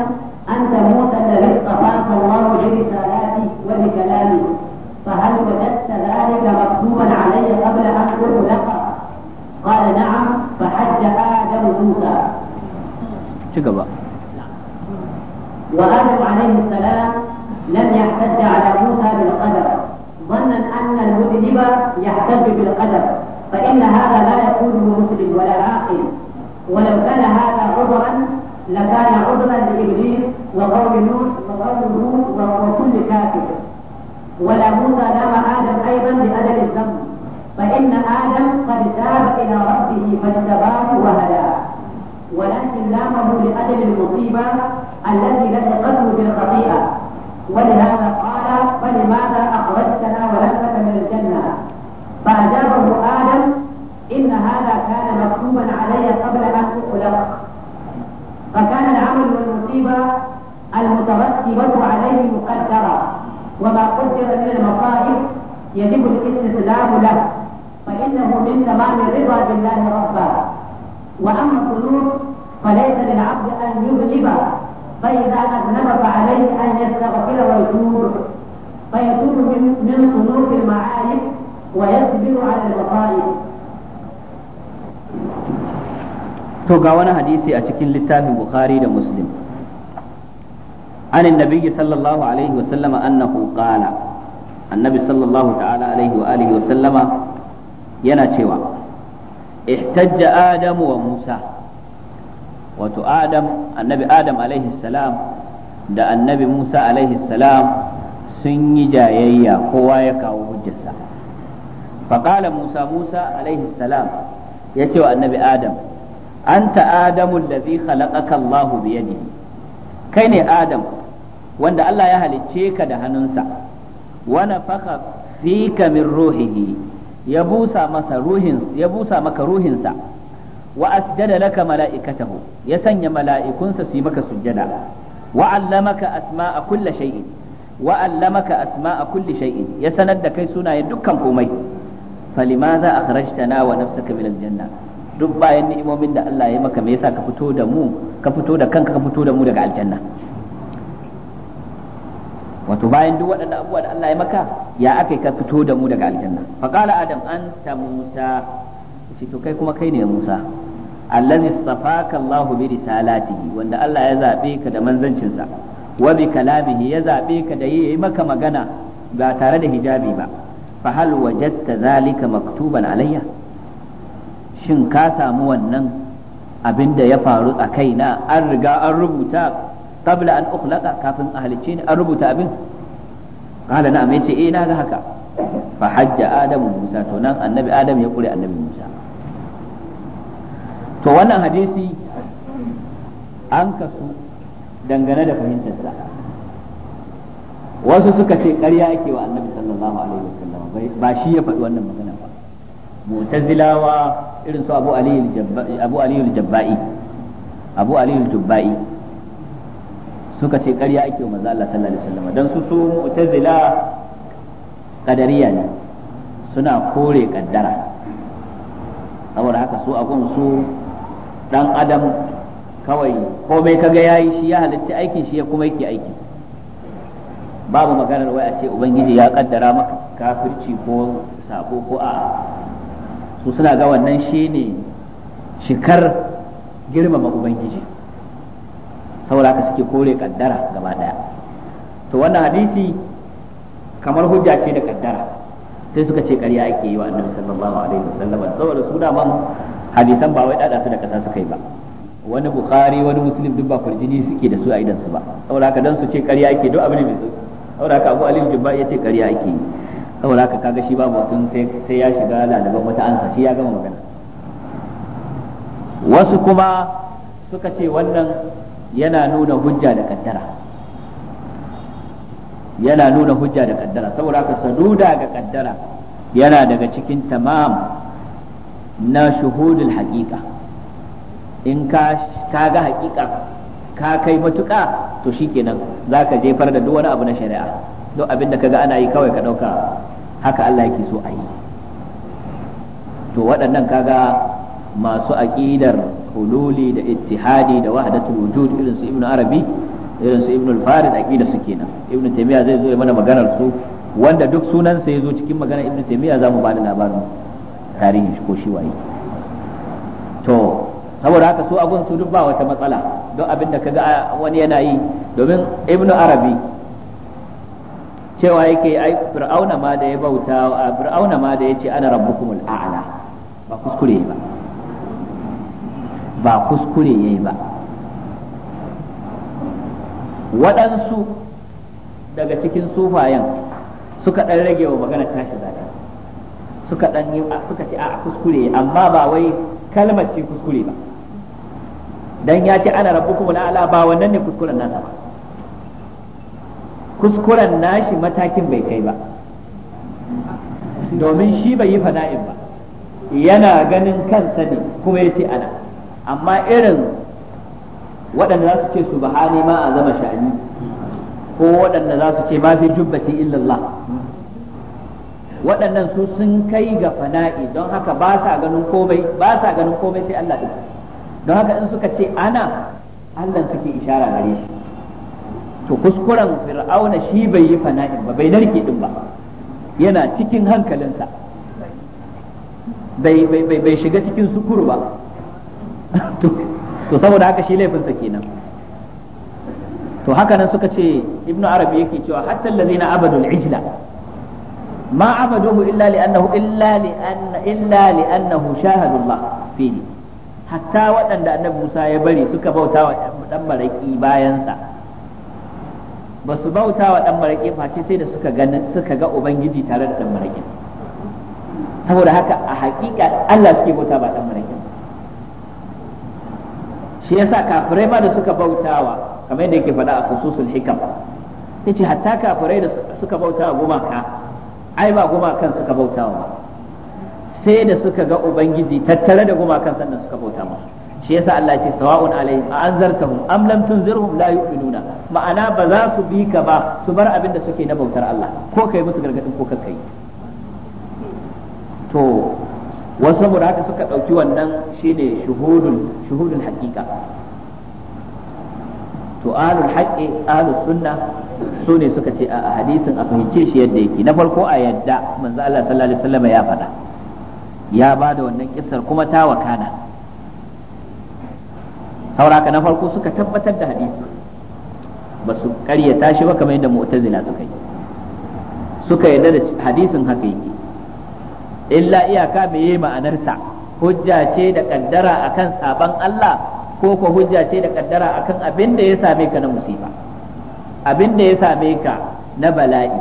أنت موسى الذي اصطفاك الله برسالاتي وبكلامي فهل وجدت ذلك مكتوبا علي قبل أن لك؟ قال نعم فحج آدم موسى شكرا وآدم عليه السلام يحتج بالقدر فإن هذا لا يكون مسلم ولا عاقل ولو كان هذا عذرا لكان عذرا لإبليس وقوم نوح وقوم نوح وكل كافر ولا موسى نام آدم أيضا لأجل الذنب فإن آدم قد تاب إلى ربه فاجتباه وهداه ولكن لامه لأجل المصيبة التي لحقته بالخطيئة ولهذا قال فلماذا أخرجتنا ولم من الجنة علي قبل أن أخلق فكان العمل والمصيبة المترتبة عليه مقدرة وما قدر من المصائب يجب الاستسلام له فإنه من تمام الرضا بالله ربا وأما الصدور فليس للعبد أن يذنب فإذا أذنب فعليه أن يستغفر ويتوب فيتوب من صنوف المعايب ويصبر على المصائب to ga wani hadisi a cikin littafin bukhari da muslim an annabi sallallahu alaihi wa sallama annahu qala annabi sallallahu ta'ala alaihi wa alihi wa sallama yana cewa ihtajja adamu wa musa wato adam annabi adam alaihi salam da annabi musa alaihi salam sun yi jayayya kowa ya kawo hujjarsa faqala musa musa alaihi salam yace wa annabi adam anta adamu allazi khalaqaka Allah bi kai ne adam wanda Allah ya halicce ka da hannunsa wa nafakha fika min ruhihi ya busa maka ruhinsa wa asjada laka mala'ikatahu ya sanya mala'ikunsa su yi maka sujjada wa allamaka asma'a kulli shay'in kulli shay'in ya sanar da kai sunayen dukkan komai Falima falimaza akhrajtana wa nafsaka min janna. duk bayan ni'imomin da Allah ya maka me yasa ka fito da mu ka fito da kanka ka fito da mu daga aljanna wato bayan duk waɗannan abubuwa da Allah ya maka ya akai ka fito da mu daga aljanna fa qala adam anta musa shi to kai kuma kai ne musa allazi safaka Allah bi risalatihi wanda Allah ya zabe ka da manzancinsa wa bi kalamihi ya zabe ka da yayi maka magana ba tare da hijabi ba fa hal wajadta zalika maktuban alayya shin ka samu wannan abin da ya faru a kaina an riga an rubuta qabla an ukhlaqa kafin a halicce ni an rubuta abin qala na'am yace eh na ga haka fa hajja adamu musa to nan annabi adam ya kure annabi musa to wannan hadisi an kasu dangane da sa wasu suka ce ƙarya ake wa annabi sallallahu alaihi wasallam ba shi ya faɗi wannan magana mu'tazilawa irin su abu aliyu abu aliyu jabba'i abu aliyu jabba'i suka ce ƙarya ake wa manzo Allah sallallahu alaihi wasallam dan su su mu'tazila qadariya ne suna kore kaddara saboda haka su agun su dan adam kawai komai kaga yayi shi ya halitta aikin shi ya kuma yake aiki babu maganar wai a ce ubangiji ya kaddara maka kafirci ko sabo ko a'a su suna ga wannan shi ne shikar girmama ubangiji saboda haka suke kore kaddara gaba daya to wannan hadisi kamar hujja ce da kaddara sai suka ce ƙarya ake yi wa annabi sallallahu alaihi wasallam saboda su da man hadisan ba wai dada su da kasa suka yi ba wani bukhari wani muslim duk ba furjini suke da su a idan su ba saboda haka dan su ce ƙarya ake duk abin da bai sauki saboda haka abu alim jibba ya ce ƙarya ake yi saboda haka kaga shi babu mutum sai ya shiga lalaban wata ansa shi ya gama magana wasu kuma suka ce wannan yana nuna hujja da kaddara yana nuna hujja da kaddara saboda haka saduda ga kaddara yana daga cikin tamam na shuhudul haqiqa in ka kaga haqiqa ka kai matuƙa to shikenan zaka jefar da duk wani abu na shari'a duk abin da kaga ana yi kawai ka ɗauka, haka Allah yake so a yi to waɗannan kaga masu aqidar hululi da ittihadi da wahdatul wujud irin su ibnu arabi irin su ibnu al-farid aqida su kenan ibnu taymiya zai zo ya mana maganar su wanda duk sunan sa yazo cikin magana ibnu taymiya zamu ba da labarin tarihi shi ko shi waye to saboda haka su abun su duk ba wata matsala don abin da kaga wani yana yi domin ibnu arabi cewa yake ai fir'auna ma da ya bauta a fir'auna ma da yace ana rabbukumul a'la ba kuskure ba ba kuskure yayi ba waɗansu daga cikin sufayen suka ɗan rage wa magana tashi zaka suka dan yi suka ce a kuskure amma ba wai kalmar ce kuskure ba dan ya ce ana rabbukumul a'la ba wannan ne kuskuren nasa ba kuskuren nashi matakin bai kai ba domin shi bai yi fana'in ba yana ganin kansa ne kuma ya ce ana amma irin waɗanda za su ce su bahani ma a zama sha'ani ko waɗanda za su ce ma fi jubbati illallah waɗannan su sun kai ga fana'i don haka ba sa ganin komai ba sa ganin komai sai Allah ɗin don haka in suka ce ana Allah suke ishara gare shi to kuskuren fir'auna shi bai yi fana'in ba bai narke din ba yana cikin hankalinsa bai shiga cikin sukuru ba to saboda haka shi laifinsa kenan to haka nan suka ce ibnu arabi yake cewa hatta allazina abadul ijla ma abaduhu illa li annahu illa li anna illa li annahu shahadu Allah fihi hatta waɗanda annabi Musa ya bari suka bauta wa dan maraki bayansa ba su bauta wa ɗan maraƙi face sai da suka ganin suka ga ubangiji tare da ɗan maraƙi saboda haka a haƙiƙa Allah suke bauta ba ɗan maraƙi shi yasa kafirai ma da suka bautawa kamar yadda yake faɗa a khususul hikam yace hatta kafirai da suka bautawa gumaka ai ba gumakan suka bautawa ba sai da suka ga ubangiji tattare da gumakan sannan suka bauta musu shi yasa Allah ce sawa'un alaihim a anzartahum am lam tunzirhum la yu'minuna ma'ana ba za su bi ka ba su bar abin da suke na bautar Allah ko kai musu gargadin ko kakka yi to wasu saboda haka suka dauki wannan shine shuhudul shuhudul haqiqa to alul haqqi alus sunna su ne suka ce a hadisin a fahimce shi yadda yake na farko a yadda manzo Allah sallallahu alaihi wasallam ya faɗa ya bada wannan kissar kuma ta wakana sauraka na farko suka tabbatar da hadisi ba su karyata shi ba kamar yadda mu'tazila suka yi suka yarda da hadisin haka yake illa iyaka me yi ma'anarsa hujja ce da kaddara akan saban Allah ko ko hujja ce da kaddara akan abin da ya same ka na musiba abin da ya same ka na bala'i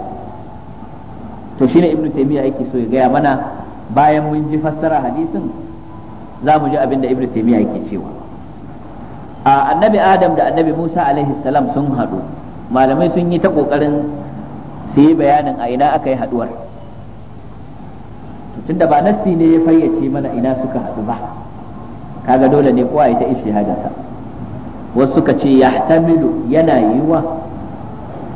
to shine ibnu taymiya yake so ya gaya mana bayan mun ji fassara hadisin za mu ji abin da ibnu taymiya yake cewa annabi adam da annabi musa alaihi salam sun haɗu malamai sun yi ta ƙoƙarin su yi bayanin a ina aka yi haɗuwar tunda ba nassi ne ya fayyace mana ina suka haɗu ba kaga dole ne kowa ya ta ishi hadarsa wasu suka ce ya yana yiwa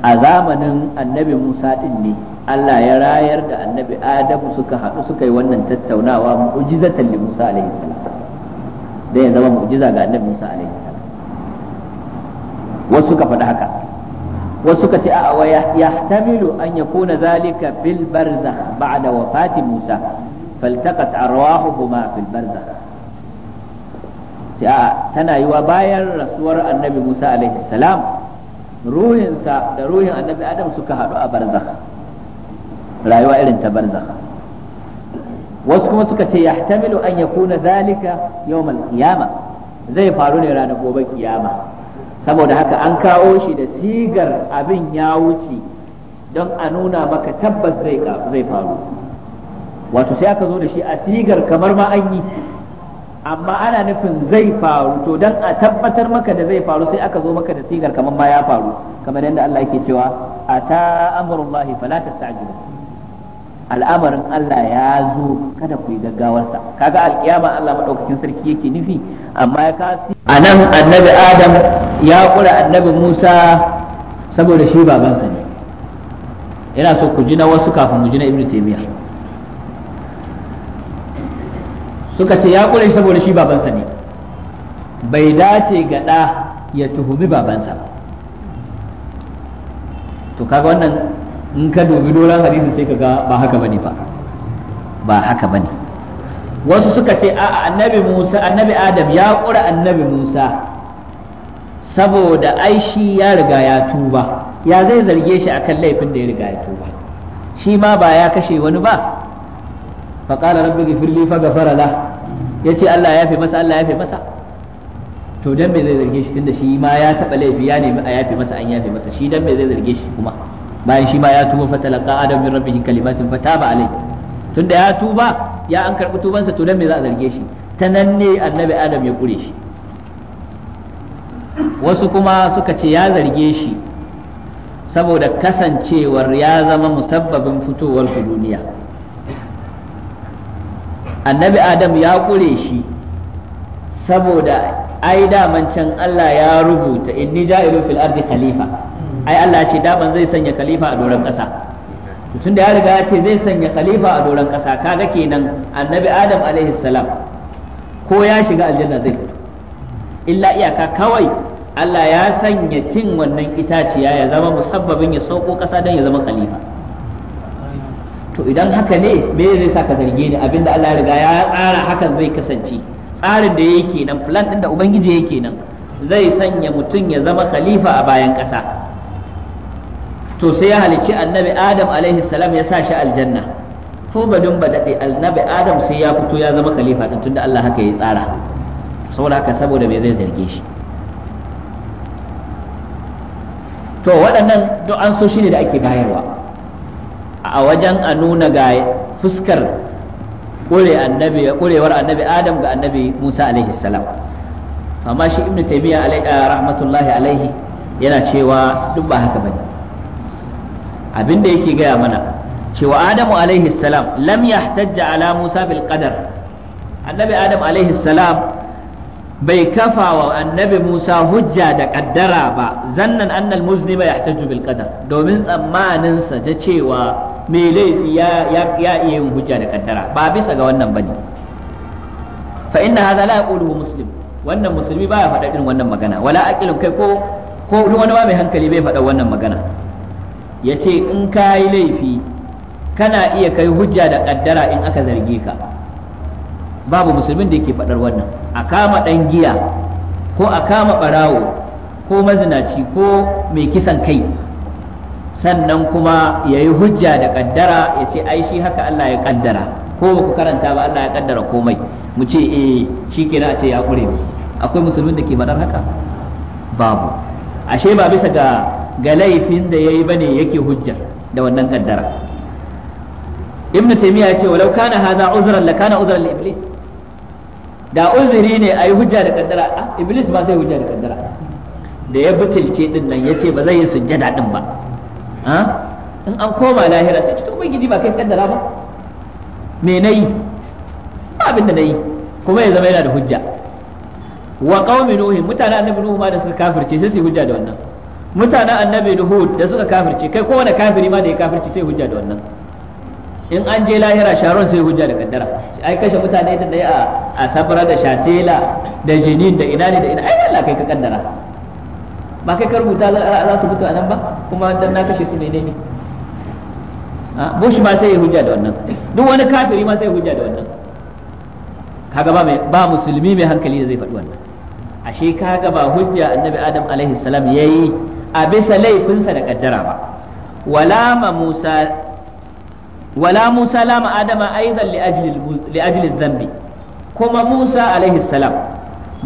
a zamanin annabi musa ɗin ne Allah ya rayar da annabi Adamu suka haɗu suka yi wannan tattaunawa mu'jizatan li Musa alaihi salam dan ya zama mu'jiza ga annabi Musa alaihi salam. wasu ka faɗi haka wasu ka ce a'a yahtamilu an ya kuna zalika fil barzakh ba'da wafati Musa faltaqat arwahuhuma fil barzakh a'a tana yi wa bayan rasuwar annabi Musa alaihi salam ruhinsa da ruhin annabi Adam suka haɗu a barzakh rayuwa irin ta barzakh wasu kuma suka ce ya yahtamilu an ya kuna zalika yawmal qiyamah zai faru ne ranar gobe kiyama saboda haka an kawo shi da sigar abin ya wuce don a nuna maka tabbas zai faru wato sai aka zo da shi a sigar kamar ma an yi amma ana nufin zai faru to don a tabbatar maka da zai faru sai aka zo maka da sigar kamar ma ya faru kamar yadda Allah yake cewa ata amrullahi fala tastajilu al'amarin Allah ya zo kada ku yi gaggawarsa kaga alkiyama Allah madaukakin sarki yake nufi amma ya kasi anan annabi Adam ya kura annabi Musa saboda shi babansa ne ina so ku ji na wasu kafin mu ji na Ibn Taymiyyah suka ce ya shi saboda shi babansa ne bai dace ga ɗa ya tuhumi babansa to kaga wannan in ka dubi doron hadisin sai ka ga ba haka ne ba ba haka ne wasu suka ce a annabi Musa annabi Adam ya kura annabi Musa saboda aishi ya riga ya tuba ya zai zarge shi akan laifin da ya riga ya tuba shi ma ba ya kashe wani ba fa qala rabbi ghfirli fa ghafara la yace Allah ya fi masa Allah ya fi masa to dan me zai zarge shi tunda shi ma ya taba laifi ya nemi a yafe masa an yafe masa shi dan me zai zarge shi kuma bayan shi ma ya tuba fatalaqa adam min rabbihi kalimatin fataba alayhi tunda ya tuba ya an karbi tubansa to dan me za a zarge shi ta nan ne annabi adam ya kure shi wasu kuma suka ce ya zarge shi saboda kasancewar ya zama musabbabin fitowar duniya annabi adam ya kure shi saboda ai daman can Allah ya rubuta inni ja'ilu fil ardi khalifa ai Allah ya ce daban zai sanya khalifa a doron ƙasa tun da ya riga ya ce zai sanya khalifa a doron ƙasa kaga kenan annabi adam alaihi salam ko ya shiga aljanna zai illa iyaka kawai Allah ya sanya cin wannan itaciya ya zama musabbabin ya sauko ƙasa don ya zama khalifa to idan haka ne me zai sa ka zarge ni abinda Allah ya riga ya tsara hakan zai kasance tsarin da yake nan plan din da ubangiji yake nan zai sanya mutum ya zama khalifa a bayan ƙasa to sai ya halicci annabi adam alaihi salam ya sa shi aljanna ko badun badade annabi adam sai ya fito ya zama khalifa din tunda Allah haka ya tsara saboda haka saboda me zai zarge shi to waɗannan duk an so shi ne da ake bayarwa a wajen a nuna ga fuskar ƙurewar annabi adam ga annabi musa alaihi salam amma shi ibnu taymiya eh, rahmatullahi alaihi yana cewa duk ba haka bane abin da yake gaya mana cewa adamu alaihi salam lam yahtajja ala musa bil qadar annabi adam alaihi salam bai kafa wa annabi musa hujja da kaddara ba zannan annal muslima yahtaju bil qadar domin tsammanin sa ta cewa mai laifi ya iya yin hujja da kaddara ba bisa ga wannan bane fa inna hadha la yaquluhu muslim wannan musulmi baya faɗa irin wannan magana wala aqilun kai ko ko wani ba mai hankali bai faɗa wannan magana ya ce in ka yi laifi kana iya kai hujja da kaddara in aka zarge ka babu musulmin da yake faɗar wannan a kama ɗan giya ko a kama ɓarawo ko mazinaci ko mai kisan kai sannan kuma ya yi hujja da kaddara ya ce ai shi haka Allah ya kaddara ko ba ku karanta ba Allah ya kaddara komai mu ce eh shi kenan a ce ya kure akwai musulmin da ke faɗar haka babu ashe ba bisa ga ga laifin da yayi bane yake hujja da wannan kaddara ibnu taymiya ce walau kana hadha uzran la kana uzran li iblis da uzuri ne ayi hujja da kaddara iblis ba sai hujja da kaddara da ya butulce din nan yace ba zai yi sujjada din ba in an koma lahira sai to ubangiji ba kai kaddara ba me nayi ba abin da nayi kuma ya zama yana da hujja wa qaumi nuhi mutanen annabi nuhu ma da suka kafirce sai su yi hujja da wannan mutanen annabi Hud da suka kafirce kai kowane kafiri ma da ya kafirce sai hujja da wannan in an je lahira sharon sai hujja da kaddara ai kashe mutane da dai a sabra da shatela da jinin da ina ne da ina ai Allah kai ka kaddara ba kai ka rubuta za su mutu a nan ba kuma dan na kashe su menene bush ma sai ya hujja da wannan duk wani kafiri ma sai ya hujja da wannan kaga ba ba musulmi mai hankali da zai faɗi wannan ashe kaga ba hujja annabi adam alaihi salam yayi a bisa laifinsa da kaddara ba wala Musa wala la ma Adama aizan li'ajilin ajli kuma Musa alaihi salam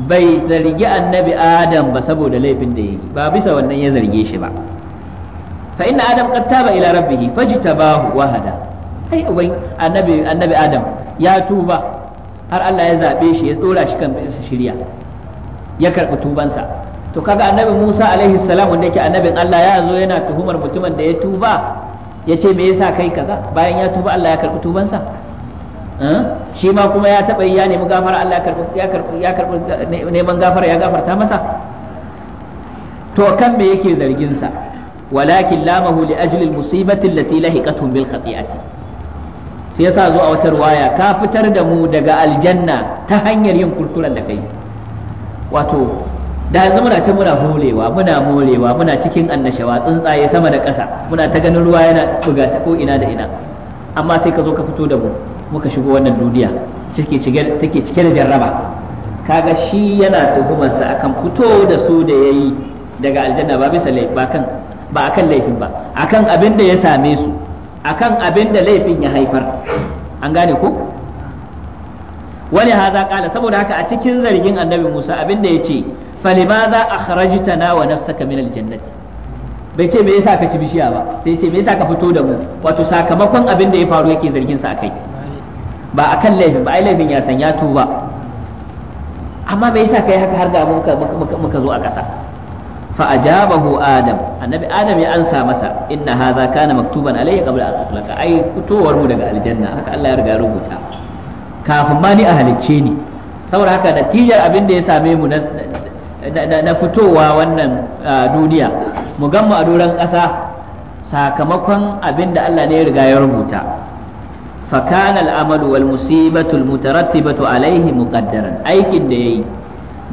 bai zargi annabi Adam ba saboda laifin da yayi ba bisa wannan ya zarge shi ba fa inna Adam qad taba ila rabbih fajtabahu wahada ai ubai annabi annabi Adam ya tuba har Allah ya zabe shi ya tsora shi kan shirya ya karɓi tubansa to kaga annabi Musa alaihi salam wanda yake annabin Allah ya zo yana tuhumar mutumin da ya tuba ya ce me yasa kai kaza bayan ya tuba Allah ya karbi tubansa eh? shi ma kuma ya taba ya nemi gafara Allah ya karbi ya karbi ya karbi neman gafara ya gafarta masa to kan me yake zargin sa walakin lamahu li ajli al allati lahiqatuhum bil khati'ati sai yasa zo a wata riwaya ka fitar da mu daga aljanna ta hanyar yin kurkuran da kai wato da yanzu muna can muna holewa muna molewa muna cikin annashawa tsuntsaye sama da ƙasa muna ta ganin ruwa yana buga ta ina da ina amma sai ka zo ka fito da mu muka shigo wannan duniya take cike cike da jarraba kaga shi yana tuhumarsa akan fito da su da yayi daga aljanna ba bisa ba kan ba akan laifin ba akan abin da ya same su akan abin da laifin ya haifar an gane ku. wani haza kala saboda haka a cikin zargin annabi Musa abin da ya ce falimaza akhrajtana wa nafsaka min aljannati bai ce me yasa ka ci bishiya ba sai ce me yasa ka fito da mu wato sakamakon abin da ya faru yake zargin sa kai. ba akan laifin ba ai laifin ya san ya tuba amma me yasa kai haka har ga muka muka zo a kasa fa ajabahu adam annabi adam ya ansa masa inna hadha kana maktuban alayya qabla an tutlaka ai fitowar mu daga aljanna haka Allah ya riga rubuta kafin ma ni a halicce ni saboda haka natijar abin da ya same mu na na fitowa wannan duniya mu gama a doron ƙasa sakamakon abin da Allah ne ya riga ya rubuta fakan al'amalu wal musibatul mutarattibatu alaihi muqaddaran aikin da yi,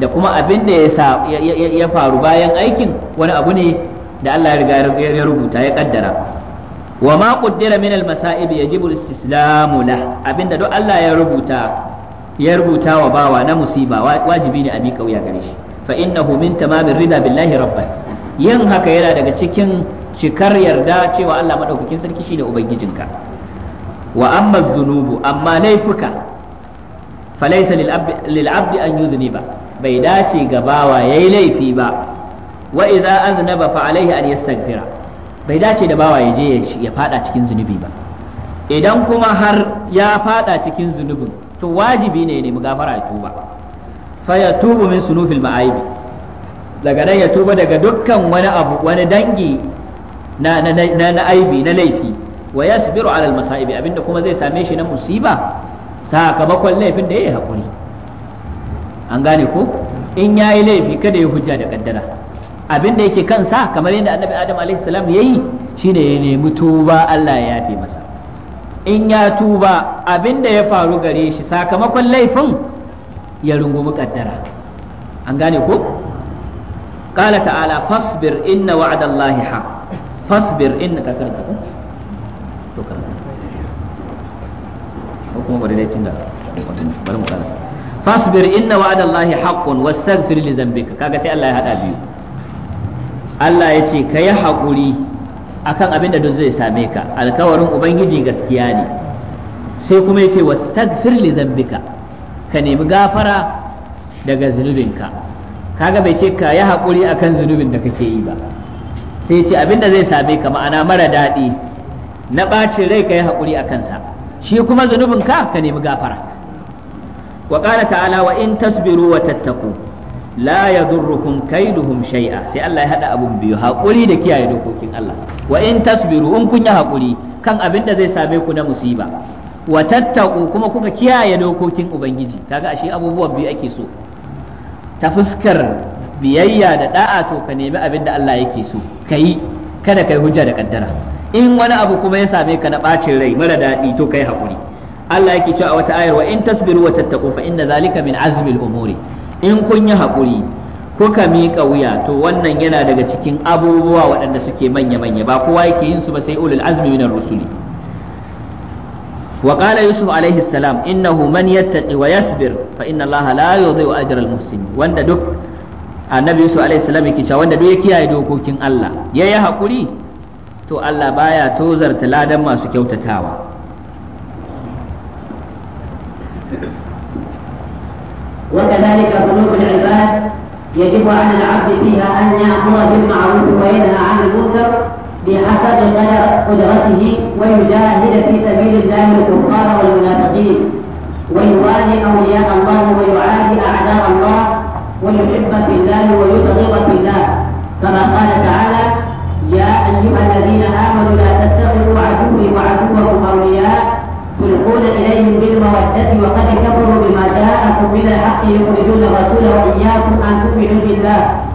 da kuma abin da ya faru bayan aikin wani abu ne da Allah ya riga ya rubuta ya kaddara wa ma min al masa'ib yajibu istislamu lah abinda duk Allah ya rubuta ya rubuta wa bawa na musiba wajibi ne a miƙa wuya gare shi fa innahu min tamamir rida billahi yin haka yana daga cikin cikar yarda cewa Allah madaukakin sarki shine ubangijinka wa amma zunubu amma laifuka Falaisa lil abdi an ba. bai dace ga bawa yi laifi ba wa idza aznaba fa alaihi an yastaghfira bai dace da bawa ya je ya fada cikin zunubi ba idan kuma har ya fada cikin zunubin to wajibi ne ya nemi gafara ya tuba fa yatubu min sunufil ma'aib daga nan ya tuba daga dukkan wani abu wani dangi na na na aibi na laifi wa yasbiru ala al-masaibi abinda kuma zai same shi na musiba sakamakon laifin da yayi hakuri an gane ko in yayi laifi kada ya hujja da kaddara abinda yake kansa kamar yadda annabi adam alaihi salam yayi shine ya nemi tuba Allah ya yafe masa in ya tuba abinda ya faru gare shi sakamakon laifin ya rungumi kaddara an gane ko qala ta'ala fasbir inna wa'dallahi haq fasbir inna ka karanta ko to karanta ko kuma bari dai tunda bari mu karanta fasbir inna wa'dallahi haqqun wastaghfir li dhanbika kaga sai Allah ya hada biyu Allah ya ce ka yi haƙuri a kan abin da duk zai same ka alkawarin ubangiji gaskiya ne sai kuma ya ce wa stagfir li zambika ka nemi gafara daga zunubinka kaga bai ce ka yi haƙuri a kan zunubin da kake yi ba sai ce abinda zai same ka ma'ana mara daɗi na ɓacin rai ka yi haƙuri a kansa shi kuma zunubinka ka nemi gafara wa ƙara ta'ala wa in tasbiru wa tattaku la ya kai kaiduhum shay'a sai Allah ya haɗa abun biyu haƙuri da kiyaye dokokin Allah wa in tasbiru in kun yi haƙuri kan abin da zai same ku na musiba wa tattaku kuma kuka kiyaye dokokin ubangiji kaga ashe abubuwan biyu ake so ta fuskar biyayya da da'a to ka nemi abin da Allah yake so kai kada kai hujja da kaddara in wani abu kuma ya same ka na bacin rai mara daɗi to kai hakuri Allah yake cewa wata ayar wa in tasbiru wa tattaku fa inna zalika min azmil umuri in kun yi hakuri kuka miƙa wuya to wannan yana daga cikin abubuwa waɗanda suke manya-manya ba kowa yake yin su ba sai ulul azmi minar rusuli وقال يوسف عليه السلام إنه من يتقي ويصبر فإن الله لا يضيع أجر المحسنين وأن دك النبي يوسف عليه السلام يكي وأن دو يكي دوكوكين الله يا يا هقولي تو الله بايا توزر تلادا ما سكيو تتاوى وكذلك قلوب العباد يجب على العبد فيها أن يأمر بالمعروف وينهى عن المنكر بحسب قدرته ويجاهد في سبيل الله الكفار والمنافقين ويوالي أولياء الله ويعادي أعداء الله ويحب في الله ويبغض في الله كما قال تعالى يا أيها الذين آمنوا لا تتخذوا عدوي وعدوكم أولياء تلقون إليهم بالمودة وقد كفروا بما جاءكم من الحق يخرجون الرسول وإياكم أن تؤمنوا بالله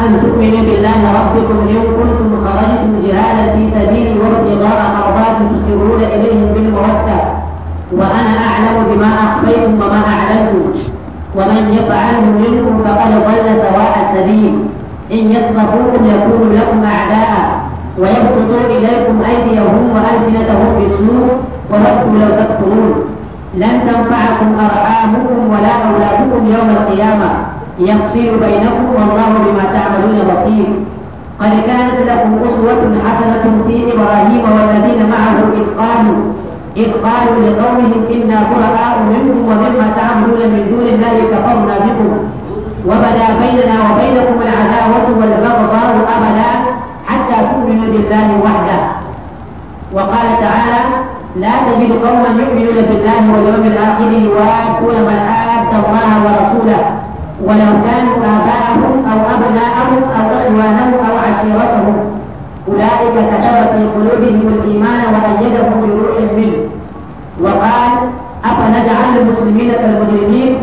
أن تؤمنوا بالله ربكم إن كنتم خرجتم جهادا في سبيلي وابتغاء مرضات تسرون إليهم بالمودة وأنا أعلم بما أخفيتم وما أعلنتم ومن يفعله منكم فقد ضل سواء السبيل إن يطلبوكم يكونوا لكم أعداء ويبسطوا إليكم أيديهم وألسنتهم بالسوء ولكم لو تكفرون لن تنفعكم أرحامكم ولا أولادكم يوم القيامة يفصل بينكم والله بما تعملون بصير قد كانت لكم أسوة حسنة في إبراهيم والذين معه إذ قالوا إذ قالوا لقومهم إنا براء منكم ومما تعملون من دون الله كفرنا بكم وبدا بيننا وبينكم العداوة والبغضاء أبدا حتى تؤمنوا بالله وحده وقال تعالى لا تجد قوما يؤمنون بالله واليوم الآخر يوافون من آتى الله ورسوله ولو كانوا آباءهم أو أبناءهم أو إخوانهم أو عشيرتهم أولئك كتب في قلوبهم الإيمان وأيدهم بروح منه وقال أفنجعل المسلمين كالمجرمين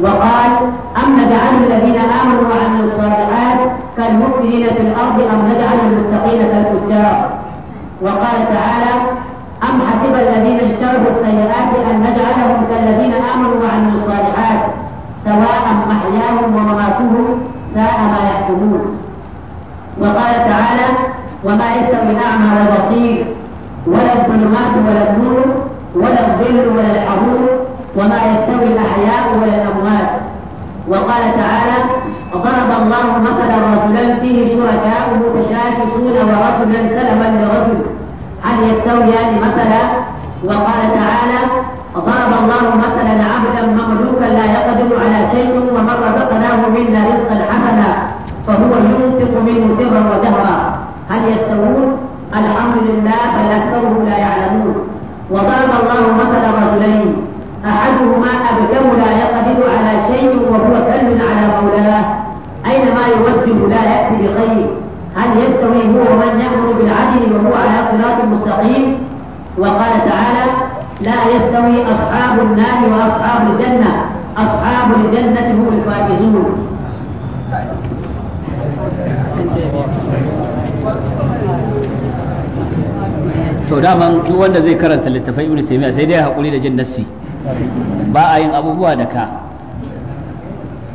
وقال أم نجعل الذين آمنوا وعملوا الصالحات كالمفسدين في الأرض أم نجعل المتقين كالفجار وقال تعالى أم حسب الذين اجتربوا السيئات أن نجعلهم كالذين آمنوا وعملوا الصالحات سواء محياهم ومماتهم ساء ما يحكمون وقال تعالى وما يستوي الاعمى والبصير ولا الظلمات ولا النور ولا الظل ولا الحرور وما يستوي الاحياء ولا الاموات وقال تعالى ضرب الله مثلا رجلا فيه شركاء متشاكسون ورجلا سلما لرجل هل يستويان مثلا وقال تعالى ضرب الله مثلا أتانا شيء ومن رزقناه منا رزقا حسنا فهو ينفق منه سرا وجهرا هل يستوون؟ الحمد لله بل أكثرهم لا يعلمون وضرب الله مثل رجلين أحدهما أبكم لا يقدر على شيء وهو كل على مولاه أينما يوجه لا يأتي بخير هل يستوي هو من يأمر بالعدل وهو على صراط مستقيم وقال تعالى لا يستوي أصحاب النار وأصحاب الجنة أصحاب الجنة هم الفائزون to daman duk wanda zai karanta littafai ibnu taymiya sai dai hakuri da jin nassi ba a yin abubuwa da ka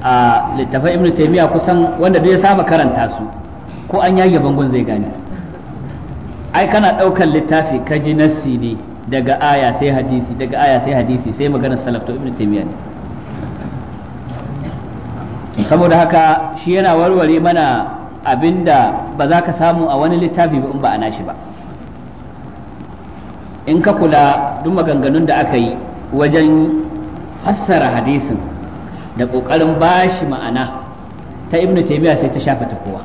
a littafai ibnu taymiya kusan wanda duk ya saba karanta su ko an yage bangon zai gane ai kana daukan littafi ka ji nassi ne daga aya sai hadisi daga aya sai hadisi sai maganar salaf to ibnu taymiya ne saboda haka shi yana warware mana abinda ba za ka samu a wani littafi ba in ba a nashi ba in ka kula duk maganganun da aka yi wajen fassara hadisin da ƙoƙarin bashi ma'ana ta ibnu taymiya sai ta shafa ta kowa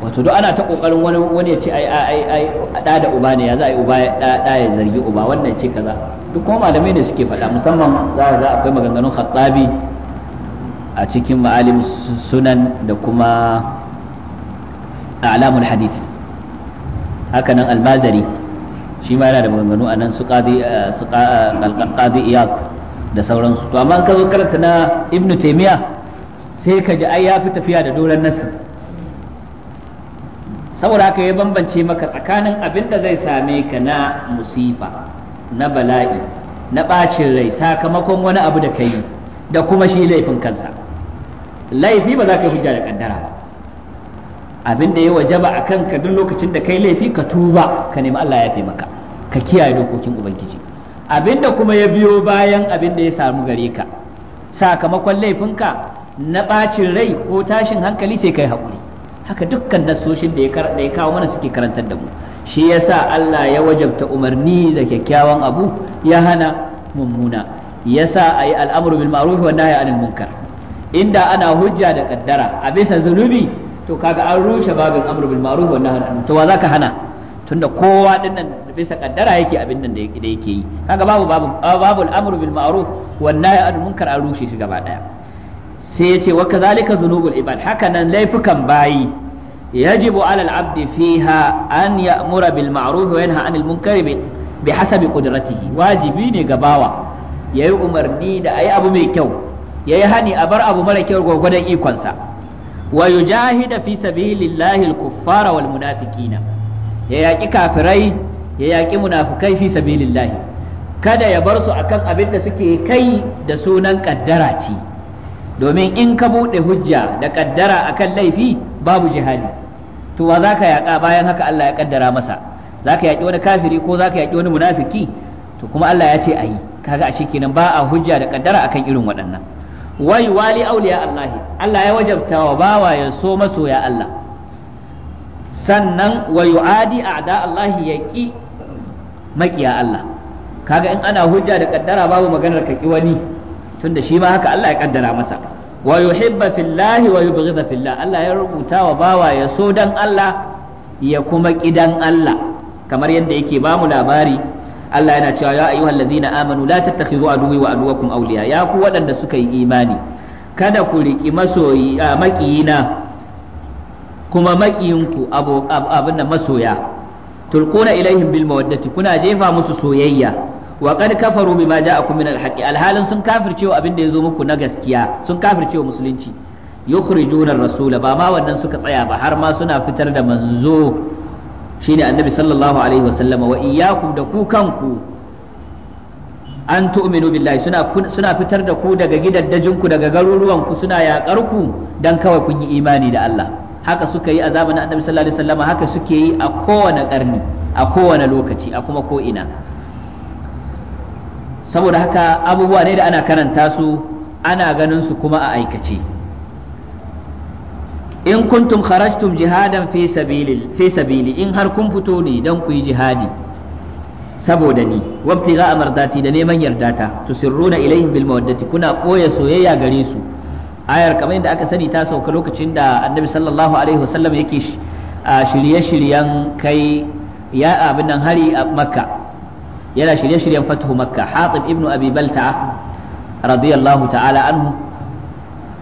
wato duk ana ta ƙoƙarin wani wani ya ce ai ai ai da da uba ne ya za a yi uba da ya zargi uba wannan ce kaza duk kuma malamai ne suke faɗa musamman za a akwai maganganun khattabi a cikin ma'alim sunan da kuma a'lamul hadith haka almazari shi ma yana da maganganu a nan su qadi eh, eh, da sauransu to amma ka zo karanta na ibnu taymiya sai ka ji ai ya fi tafiya da doran nasin saboda haka ya bambance maka tsakanin abin da zai same ka na musifa na bala'i na bacin rai sakamakon wani abu da ka yi da kuma shi laifin kansa laifi ba za ka yi hujja da kaddara ba abin da ya wajaba a kanka duk lokacin da kai laifi ka tuba ka nemi Allah ya fi maka ka kiyaye dokokin ubangiji abin da kuma ya biyo bayan abin da ya samu gare ka sakamakon laifinka na bacin rai ko tashin hankali sai kai haƙuri haka dukkan nasoshin da ya kawo mana suke karantar da mu shi yasa Allah ya wajabta umarni da kyakkyawan abu ya hana mummuna ya yasa ayi al'amru bil ma'ruf wa nahyi anil munkar inda ana hujja da kaddara a bisa zunubi to kaga an rushe babin amru bil ma'ruf wa nahy to wa zaka hana tunda kowa dinnan bisa kaddara yake abin nan da yake yi kaga babu babu babu amru bil ma'ruf wa nahy anil munkar an rushe shi gaba daya sai yace wa kadhalika zunubul ibad haka nan laifukan bayi yajibu alal abdi fiha an ya'mura bil ma'ruf wa yanha anil munkar bi hasabi qudratihi wajibi ne ga bawa yayi umarni da ayi abu mai kyau yayi hani a bar abu mara kyau gwagwadon ikonsa wa yujahida fi sabilillahi al-kuffara wal munafiqina ya yaki kafirai ya yaki munafikai fi sabilillahi kada ya bar su akan abin da suke kai da sunan kaddara ci domin in ka bude hujja da kaddara akan laifi babu jihadi to wa zaka yaka bayan haka Allah ya kaddara masa zaka yaki wani kafiri ko zaka yaki wani munafiki to kuma Allah ya ce ayi kaga a kenan ba a hujja da kaddara akan irin waɗannan wai wali auliya Allah Allah ya wajabta wa bawayen so masoya Allah sannan wa yu'adi a'da Allah yaqi makiya Allah kaga in ana hujja da kaddara babu maganar kaki wani tunda shi ma haka Allah ya kaddara masa wa yuhibba fillahi wa yubghidha fillah Allah ya rubuta wa bawaye so dan Allah ya kuma kidan Allah kamar yadda yake bamu labari Allah yana cewa ya ayyuhal ladzina amanu la tattakhidhu aduwwi wa aduwwakum awliya ya ku waɗanda suka yi imani kada ku riki masoyi makiyina kuma makiyinku abin da masoya tulquna ilaihim bil mawaddati kuna jefa musu soyayya wa qad kafaru bima ja'akum min al haqqi alhalin sun kafircewa abin da yazo muku na gaskiya sun kafircewa musulunci yukhrijuna ar-rasula ba ma wannan suka tsaya ba har ma suna fitar da manzo shine annabi sallallahu alaihi wasallam wa iyyakum da ku kanku an tu'minu billahi suna suna fitar da ku daga gidaddajinku daga garuruwanku suna yaƙar ku dan kawai kun yi imani da Allah haka suka yi azaba na annabi sallallahu alaihi wasallam haka suke yi a kowane karni a kowane lokaci a kuma ko ina saboda haka abubuwa ne da ana karanta su ana ganin su kuma a aikace in kuntum kharajtum jihadan fi sabili fi sabili in har kun fito ne dan ku yi jihadi saboda ni wabti za amardati da neman yardata sirruna ilaihim bil mawaddati kuna koya soyayya gare su ayar kamar yadda aka sani ta sauka lokacin da annabi sallallahu alaihi wasallam yake shirye-shiryen kai ya abin nan hari a makka yana shirye-shiryen fatuhu makka hatib ibnu abi balta radiyallahu ta'ala anhu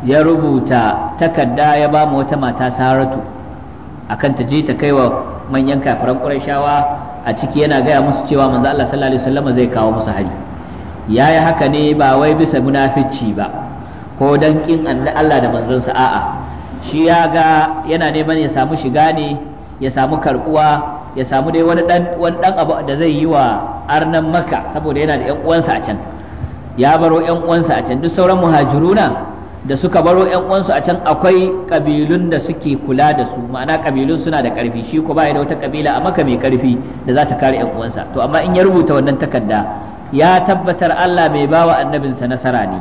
ya rubuta takarda ya ba mu wata mata saratu akan ta je ta kai wa manyan kafiran ƙurashawa a ciki yana gaya musu cewa manzo Allah sallallahu alaihi wasallam zai kawo musu hari yayi haka ne ba wai bisa munafici ba ko dan kin Allah da manzansa a'a shi ya ga yana neman ya samu shiga ne ya samu karbuwa ya samu dai wani dan wani dan abu da zai yi wa arnan maka saboda yana da yan uwansa a can ya baro yan uwansa a can duk sauran muhajiruna da suka baro yan uwansu a can akwai ƙabilun da suke kula da su ma'ana kabilun suna da karfi shi ko bai da wata kabila a maka mai karfi da za ta kare ƴan uwansa to amma in ya rubuta wannan takarda ya tabbatar Allah ba bawa annabinsa nasara ne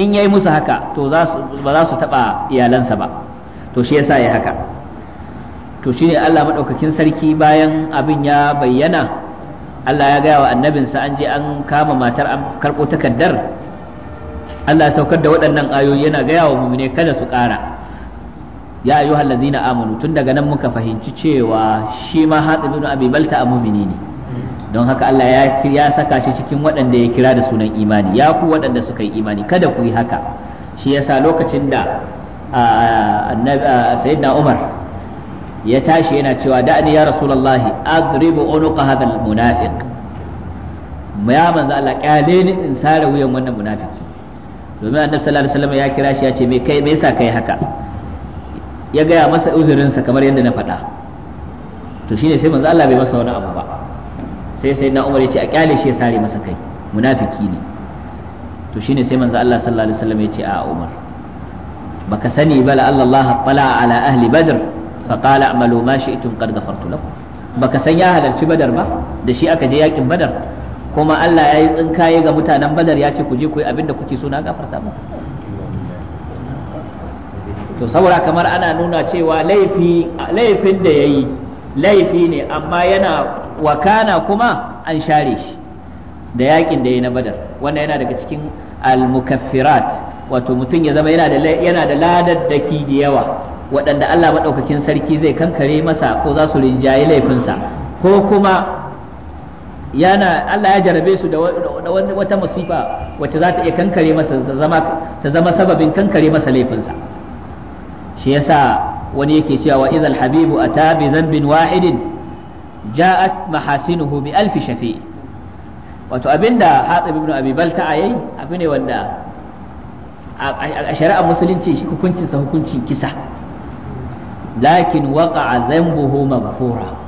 in yayi musu haka to ba za su taba iyalansa ba to shi yasa ya haka to shine Allah madaukakin sarki bayan abin ya bayyana Allah ya gaya wa annabinsa an je an kama matar an karɓo takardar Allah ya saukar da waɗannan ayoyi yana gaya wa mu'mine kada su ƙara ya ayu na amanu tun daga nan muka fahimci cewa shi ma hatsibinu abi balta a mu'mini ne don haka Allah ya ya saka shi cikin waɗanda ya kira da sunan imani ya ku waɗanda suka yi imani kada ku yi haka shi yasa lokacin da sayyidina Umar ya tashi yana cewa da'ani ya rasulullahi agribu unuqa hadha almunafiq ya manzo Allah kyale ni in sare wuyan wannan munafiki domin annabi sallallahu alaihi wasallam ya kira shi ya ce me kai me yasa kai haka ya gaya masa uzurinsa kamar yadda na faɗa to shine sai manzo Allah bai masa wani abu ba sai sai na Umar ya ce a kyale shi ya sare masa kai munafiki ne to shine sai manzo Allah sallallahu alaihi wasallam ya ce a Umar baka sani bala Allah Allah tala ala ahli badr fa qala amalu ma shi'tum qad ghafartu lakum baka san ya halarci badar ba da shi aka je yakin badar kuma Allah ya yi tsinkaye ga mutanen badar ya ce ku je ku yi abin da kuke so na gafarta ba to saboda kamar ana nuna cewa laifi laifin da yayi laifi ne amma yana wakana kuma an share shi da yakin da yayi na badar wannan yana daga cikin al-mukaffirat wato mutum ya zama yana da yana da ladar da da yawa waɗanda Allah madaukakin sarki zai kankare masa ko za su rinjayi laifinsa ko kuma yana Allah ya jarabe su da wata masifa wacce za ta iya kankare masa ta zama sababin kankare masa laifinsa shi yasa wani yake cewa wa al-habibu ata bi dhanbin wahidin ja'at mahasinuhu bi alfi shafi wato abinda Hatib ibn Abi Balta'a yayi abu ne wanda a shari'a musulunci shi hukuncin sa hukuncin kisa lakin waqa'a dhanbuhu maghfura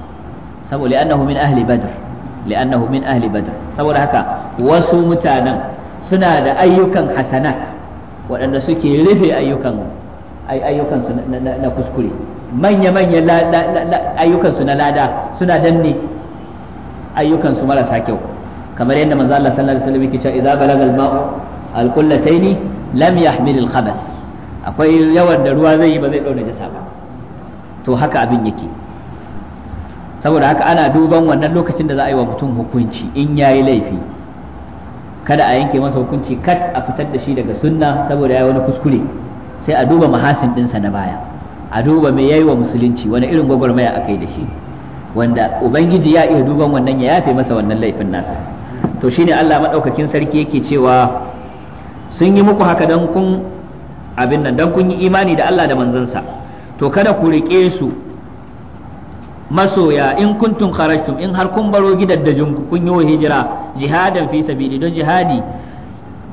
saboda annahu min ahli badr li'annahu min ahli badr saboda haka wasu mutanen suna da ayyukan hasanat waɗanda suke rufe ayyukan ayyukan su na kuskure manya manya ayyukan su na lada suna danne ayyukan su marasa kyau kamar yadda manzo Allah sallallahu alaihi wasallam yake cewa idza balaga al-ma'u al-qullataini lam yahmil al akwai yawan da ruwa zai yi ba zai dauna jasa ba to haka abin yake saboda haka ana duban wannan lokacin da za a yi wa mutum hukunci in ya yi laifi kada a yanke masa hukunci kat a fitar da shi daga sunna saboda ya yi wani kuskure sai a duba mahasin ɗinsa na baya a duba me yayi wa musulunci wani irin gwagwarmaya aka yi da shi wanda ubangiji ya iya duban wannan ya yafe masa wannan laifin nasa to shine Allah maɗaukakin sarki yake cewa sun yi muku haka dan kun abin nan dan kun yi imani da Allah da manzansa to kada ku riƙe su masoya in kuntum kharajtum in har kun baro gidaddajin ku kun yi wa hijira jihadan fi sabili don jihadi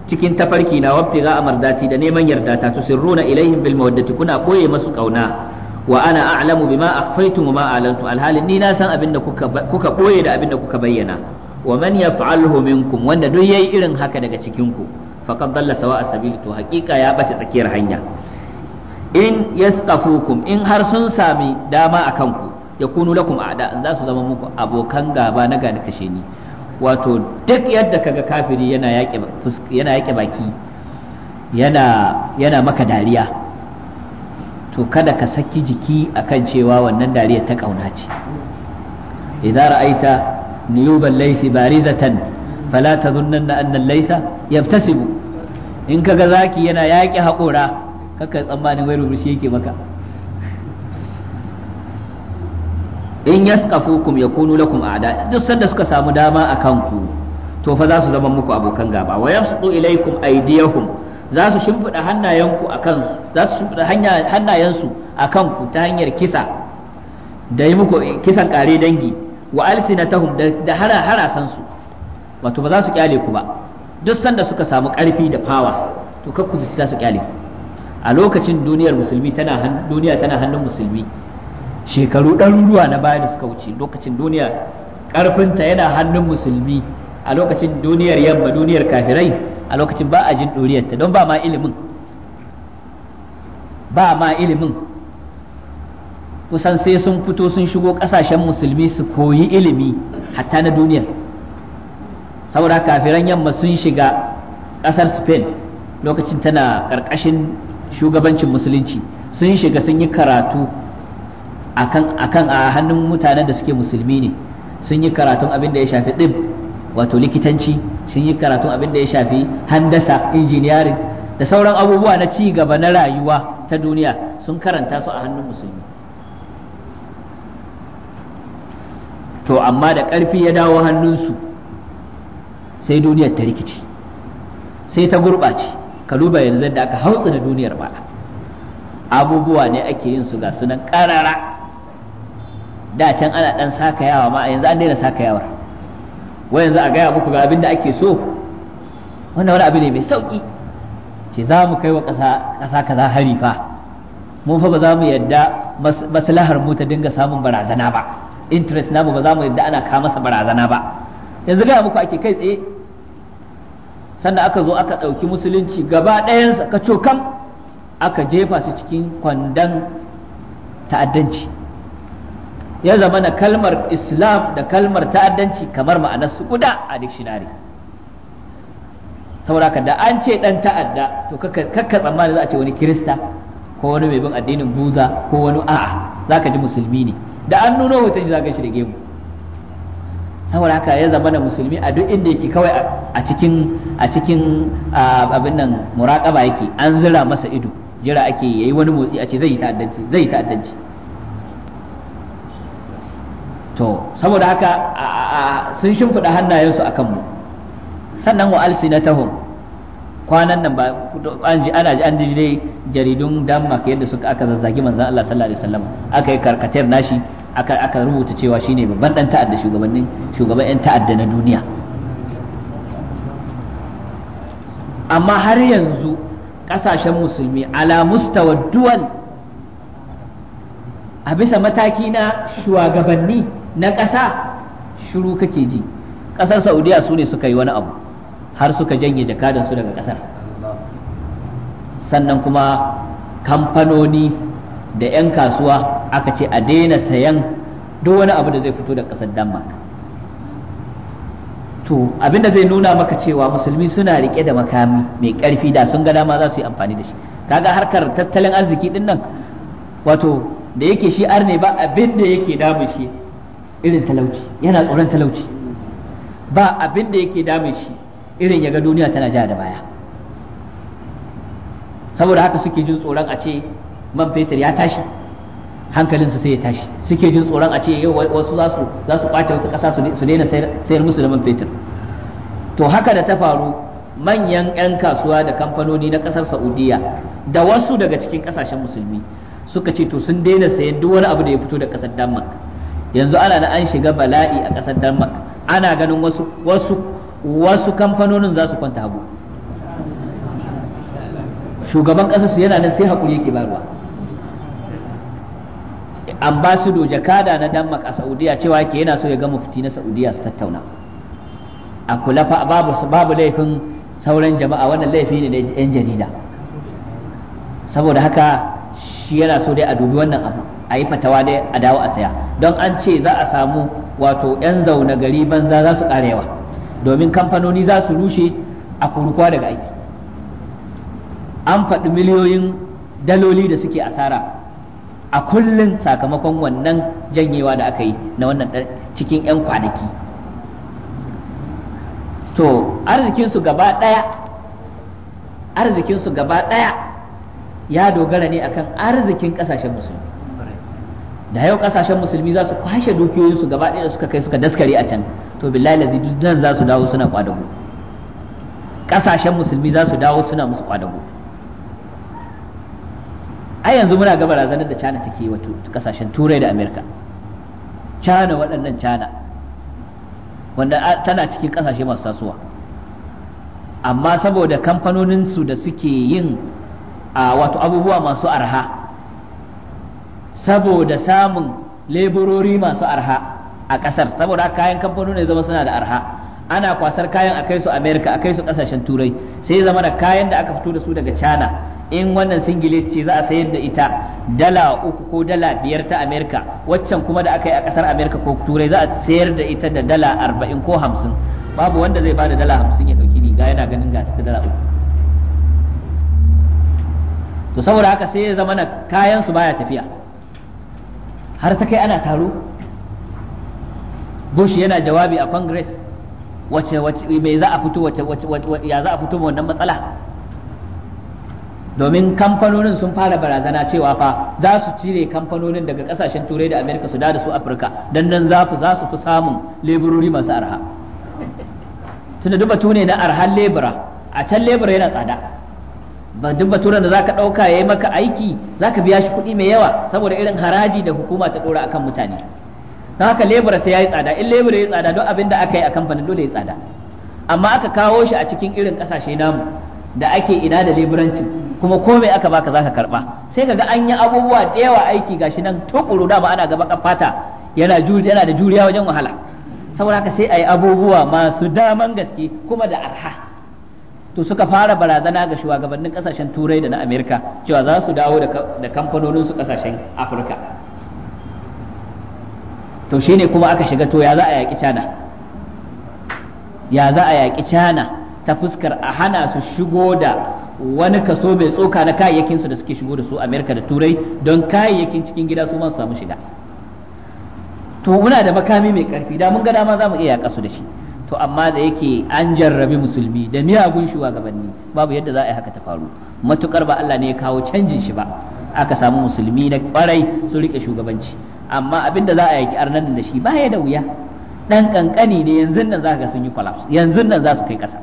cikin tafarki na wabti ga amardati da neman yarda ta tusirruna ilaihim bil mawaddati kuna koye masu kauna wa ana a'lamu bima akhfaytum wa ma alantu alhalin ni na san abinda kuka kuka koye da abinda kuka bayyana wa man yaf'alhu minkum wanda duk yayi irin haka daga cikin ku faqad dalla sawa'a sabili to haqiqa ya bace tsakiyar hanya in yasqafukum in har sun sami dama akan ku yakunu lakum a'da za su zama muku abokan gaba na gani kashe ni wato duk yadda kaga kafiri yana yaƙe yana yaƙe baki yana yana maka dariya to kada ka saki jiki akan cewa wannan dariya ta kauna ce idza ra'aita niyuban laysi barizatan fala tadhunna anna laysa yabtasibu in kaga zaki yana yaƙe haƙora kaka tsammanin wai rubuci yake maka in yaskafukum yakunu lakum a'da duk sanda suka samu dama akan ku to fa za su zama muku abokan gaba wa yabsutu ilaykum aydiyahum za su shimfida hannayenku akan su za su shimfida hannayensu akan ku ta hanyar kisa da yi muku kisan kare dangi wa alsinatahum da hara harasan su wato ba za su kyale ku ba duk sanda suka samu karfi da fawa to kakku su ci za su kyale a lokacin duniyar musulmi tana duniya tana hannun musulmi shekaru ɗaruruwa na baya da suka wuce lokacin duniya ƙarfinta yana hannun musulmi a lokacin duniyar yamma duniyar kafirai a lokacin ba a jin ɗoriyarta don ba ma ilimin ba ma ilimin kusan sai sun fito sun shigo ƙasashen musulmi su koyi ilimi hatta na duniyar saboda kafiran yamma sun shiga ƙasar spain lokacin tana ƙarƙashin shugabancin musulunci sun shiga sun yi karatu akan akan a hannun mutanen da suke musulmi ne sun yi karatun abin da ya shafi ɗin wato likitanci sun yi karatun abin da ya shafi handasa injiniyarin da sauran abubuwa na ci gaba na rayuwa ta duniya sun karanta su a hannun musulmi to amma da ƙarfi ya dawo hannunsu sai duniyar ta rikici sai ta gurɓace ka duba yanzu da aka hautsa da duniyar ba abubuwa ne ake yin su ga sunan ƙarara da can ana dan sakayawa ma yanzu an daina sakayawar wa yanzu a gaya muku ga abin da ake so wannan wani abu ne mai sauki ce za mu kai wa ƙasa kaza hari fa mun fa ba za mu yadda maslahar mu ta dinga samun barazana ba interest namu ba za mu yadda ana ka masa barazana ba yanzu gaya muku ake kai tsaye sannan aka zo aka ɗauki musulunci gaba ɗayansa ka cokam aka jefa su cikin kwandon ta'addanci ya zama na kalmar islam da kalmar ta'addanci kamar ma'anar su guda a dictionary saboda da an ce dan ta'adda to kakka tsammani za a ce wani kirista ko wani mai bin addinin buza ko wani a'a zaka ji musulmi ne da an nuna hoton shi za shi da gemu saboda haka ya zama na musulmi a duk inda yake kawai a cikin a cikin abin nan muraqaba yake an zira masa ido jira ake yayi wani motsi a ce zai ta'addanci zai ta'addanci to saboda haka sun shimfiɗa hannayensu a kanmu sannan wa alsinatahum kwanan nan ba an ji ana ji an ji dai jaridun Denmark yadda suka aka zazzagi manzon Allah sallallahu alaihi wasallam aka yi karkatar nashi aka aka rubuta cewa shine babban dan ta'adda shugabannin shugaban yan ta'adda na duniya amma har yanzu kasashen musulmi ala mustawa duwal a bisa mataki na shugabanni na ƙasa shiru kake ji ƙasar saudiya su ne suka yi wani abu har suka janye jakadansu daga ƙasar sannan kuma kamfanoni da 'yan kasuwa aka ce a daina sayan duk wani abu da zai fito da ƙasar denmark to abinda zai nuna maka cewa musulmi suna rike da makami mai ƙarfi da sun ga dama za su yi amfani da shi kaga harkar tattalin arziki din nan wato da yake shi ne ba abin da yake damun shi irin talauci yana tsoron talauci ba abin da yake dame shi irin ya ga duniya tana ja da baya saboda haka suke jin tsoron a ce man fetur ya tashi hankalinsu sai ya tashi suke jin tsoron a ce yau wasu za su za su kwace wata ƙasa su daina sayar musu da man fetur to haka da ta faru manyan 'yan kasuwa da kamfanoni na ƙasar saudiya da wasu daga cikin ƙasashen musulmi suka ce to sun daina sayan duk wani abu da ya fito da ƙasar denmark yanzu ana na an shiga bala'i a ƙasar Denmark ana ganin wasu wasu wasu kamfanonin za su kwanta abu shugaban ƙasar su yana nan sai hakuri yake baruwa ambassador jakada na Denmark a Saudiya cewa yake yana so ya ga mufti na Saudiya su tattauna a kula fa babu babu laifin sauran jama'a wannan laifi ne na 'yan jarida saboda haka shi yana so dai a dubi wannan abu a yi fatawa dai a dawo a saya don an ce za a samu wato 'yan zaune gari banza za su ƙara yawa domin kamfanoni za su rushe a kurkuwa daga aiki an faɗi miliyoyin daloli da suke asara a kullum sakamakon wannan janyewa da aka yi na wannan cikin 'yan kwanaki to arzikinsu gaba ɗaya arzikinsu gaba ɗaya ya dogara ne akan arzikin kasashen musulmi da yau kasashen musulmi za su kwashe su gaba ɗaya suka kai suka daskare a can to billahi lazi dukkan za su dawo suna kwadago kasashen musulmi za su dawo suna musu kwadago a yanzu muna ga barazanar da China take wato kasashen turai da Amerika China waɗannan China wanda tana cikin kasashe masu tasowa amma saboda kamfanoninsu da suke yin a wato abubuwa masu arha saboda samun leburori masu arha a kasar saboda kayan kamfanoni ne zama suna da arha ana kwasar kayan akai su america akai su kasashen turai sai zama da kayan da aka fito da su daga china in wannan singile ce za a sayar da ita dala uku ko dala biyar ta america waccan kuma da aka yi a kasar america ko turai za a sayar da ita da dala arba'in ko hamsin babu wanda zai ba da dala hamsin ya ni riga yana ganin ga ta dala uku to saboda haka sai ya zama na kayan su baya tafiya har ta kai ana taro bush yana jawabi a congress wace wace me za a fito wace wace ya za a fito wannan matsala domin kamfanonin sun fara barazana cewa fa za su cire kamfanonin daga kasashen turai da amerika su da su afirka dan nan za su fi samun leburori masu arha tunda duba tune na arhan lebura a can lebura yana tsada ba duk baturan da zaka dauka yayi maka aiki zaka biya shi kuɗi mai yawa saboda irin haraji da hukuma ta dora akan mutane ta haka lebura sai yayi tsada in lebura yayi tsada don abin da aka yi a kamfanin dole ya tsada amma aka kawo shi a cikin irin kasashe namu da ake ina da leburanci kuma ko mai aka baka zaka karba sai kaga an yi abubuwa da yawa aiki gashi nan tukuru da ba ana gaba kafata yana yana da juriya wajen wahala saboda haka sai ayi abubuwa masu daman gaske kuma da arha to suka fara barazana ga shugabannin kasashen turai da na amerika cewa za su dawo da kamfanonin su kasashen afirka to ne kuma aka shiga to ya za a yaƙi cana ya za a yaƙi cana ta fuskar a hana su shigo da wani kaso mai tsoka na kayayyakin su da suke shigo da su amerika da turai don kayayyakin cikin gida su masu samu shiga to muna da makami mai karfi da mun ga dama za mu iya yaƙa su da shi to amma da yake an jarrabi musulmi da miyagun shugabanni babu yadda za a yi haka ta faru matukar ba Allah ne ya kawo canjin shi ba aka samu musulmi na kwarai su rike shugabanci amma abin da za a yaki arnan da shi baya da wuya dan kankani ne yanzu nan za ka sun yi collapse yanzu nan za su kai kasa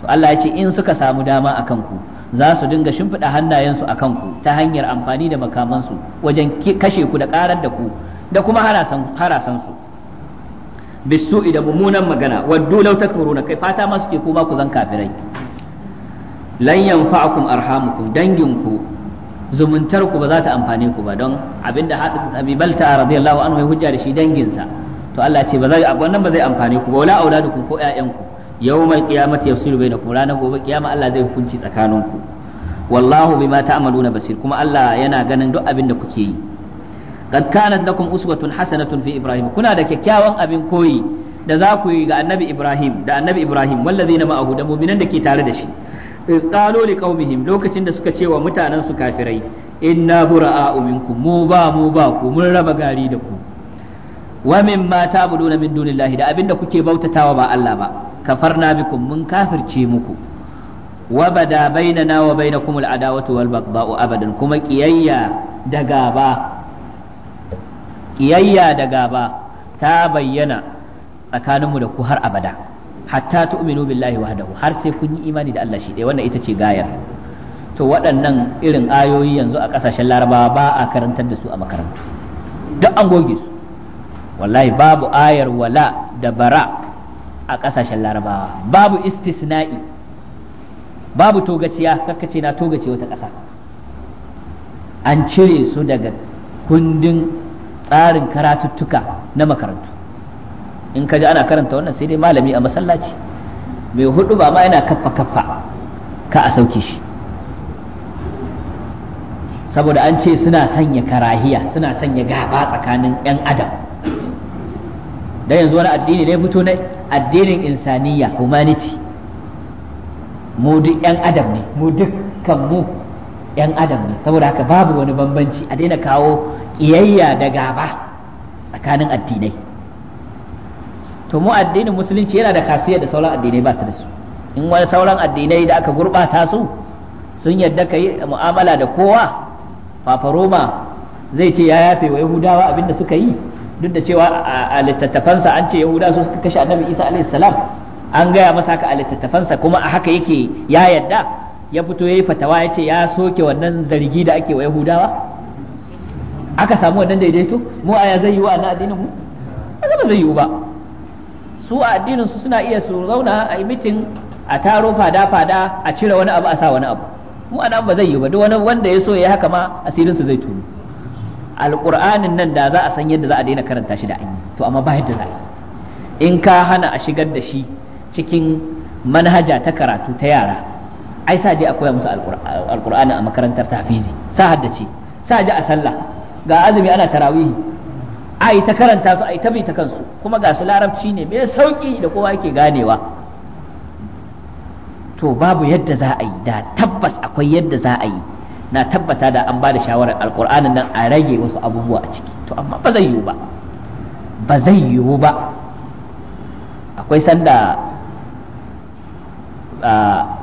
to Allah ya ce in suka samu dama akan ku za su dinga shimfiɗa hannayensu a kanku ta hanyar amfani da makamansu wajen kashe ku da karar da ku da kuma harasansu bisu'i da mummunan magana waddu law takfuruna kai fata ma suke kuma ku zan kafirai lan yanfa'akum arhamukum danginku zumuntar ku ba za ta amfane ku ba don abinda hadith abi balta radiyallahu anhu ya hujja da shi danginsa to Allah ce ba zai wannan ba zai amfane ku ba wala auladukum ko ƴaƴanku yawmal qiyamati yafsilu bainakum ranar gobe kiyama Allah zai hukunci tsakaninku wallahu bima ta'maluna basir kuma Allah yana ganin duk abin da kuke yi qad kanat lakum uswatun hasanatun fi ibrahim kuna da kyakkyawan abin koyi da za ku yi ga annabi ibrahim da annabi ibrahim wallazina ma'ahu da mu'minan da ke tare da shi qalu liqaumihim lokacin da suka ce wa mutanen su kafirai inna bura'a minkum mu ba mu ba ku mun raba gari da ku wa mimma ta'buduna min dunillahi da abinda kuke bautatawa ba Allah ba kafarna bikum mun kafirce muku wa baina bainana wa bainakumul adawatu wal baghdha'u abadan kuma kiyayya da gaba kiyayya da gaba ta bayyana tsakaninmu da ku har abada hatta tu'minu billahi wahdahu har sai kun yi imani da Allah shi ɗaya wannan ita ce gayar to waɗannan irin ayoyi yanzu a ƙasashen larabawa ba a karantar da su a makarantu duk an goge su wallahi babu ayar wala da bara a ƙasashen larabawa babu istisna'i babu togaciya ce na togace wata ƙasa an cire su daga kundin tsarin karatuttuka na makarantu in ka ji ana karanta wannan sai dai malami a masallaci mai hudu ba ma yana kaffa kaffa ka a sauki shi saboda an ce suna sanya karahiya suna sanya gaba tsakanin 'yan adam da yanzu wani addini ne fito na addinin insaniya humanity mu duk 'yan adam ne mu dukkan mu 'yan adam ne saboda haka babu wani bambanci a daina kawo kiyayya da gaba tsakanin addinai to mu addinin musulunci yana da khasiyar da sauran addinai ba ta da su in wani sauran addinai da aka gurbata su sun yadda ka yi mu'amala da kowa fafaroma zai ce ya yafe wa yahudawa abin da suka yi duk da cewa a littattafansa an ce yahuda su suka kashe annabi isa alaihi salam an gaya masa haka a littattafansa kuma a haka yake ya yadda ya fito ya yi fatawa ya ce ya soke wannan zargi da ake wa yahudawa aka samu wannan daidaito mu aya zai yi wa na addinin mu ba zai yi ba su a addinin su suna iya su zauna a mitin a taro fada fada a cire wani abu a sa wani abu mu nan ba zai yi ba duk wani wanda ya so ya haka ma asirin su zai tunu alqur'anin nan da za a san yadda za a daina karanta shi da anyi to amma ba yadda za a in ka hana a shigar da shi cikin manhaja ta karatu ta yara ai sa je a koya musu alqur'ani a makarantar tafizi sa haddace sa je a sallah ga azumi ana tarawihi a yi ta karanta su a yi ta bi ta kansu kuma ga su larabci ne mai sauƙi da kowa yake ganewa to babu yadda za a yi da tabbas akwai yadda za a yi na tabbata da an ba da shawarar alƙur'anin nan a rage wasu abubuwa a ciki to amma ba zai yiwu ba ba zai yiwu ba akwai sanda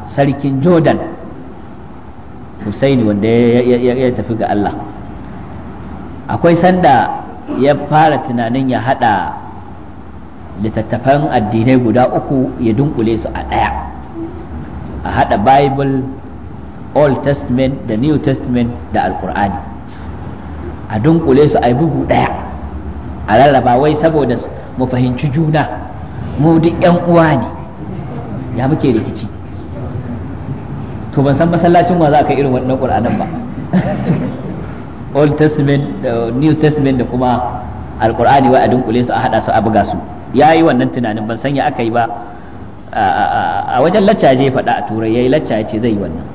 sarkin jordan hussaini wanda ya tafi ga Allah akwai sanda ya fara tunanin ya hada littattafan addinai guda uku ya dunkule su a ɗaya a hada bible old testament da new testament da alkur'ani a dunkule su a bugu ɗaya a lallaba wai saboda mu fahimci juna mu duk yan uwa ne ya muke rikici to ban san masallacin wa za ka irin wannan ƙur'anin ba old testament da new testament da kuma alkur'ani wai a dunkule su a hada su a buga su ya yi wannan tunanin ban sanya aka yi ba a wajen lacca je faɗa a turai ya yi lacca ya ce zai yi wannan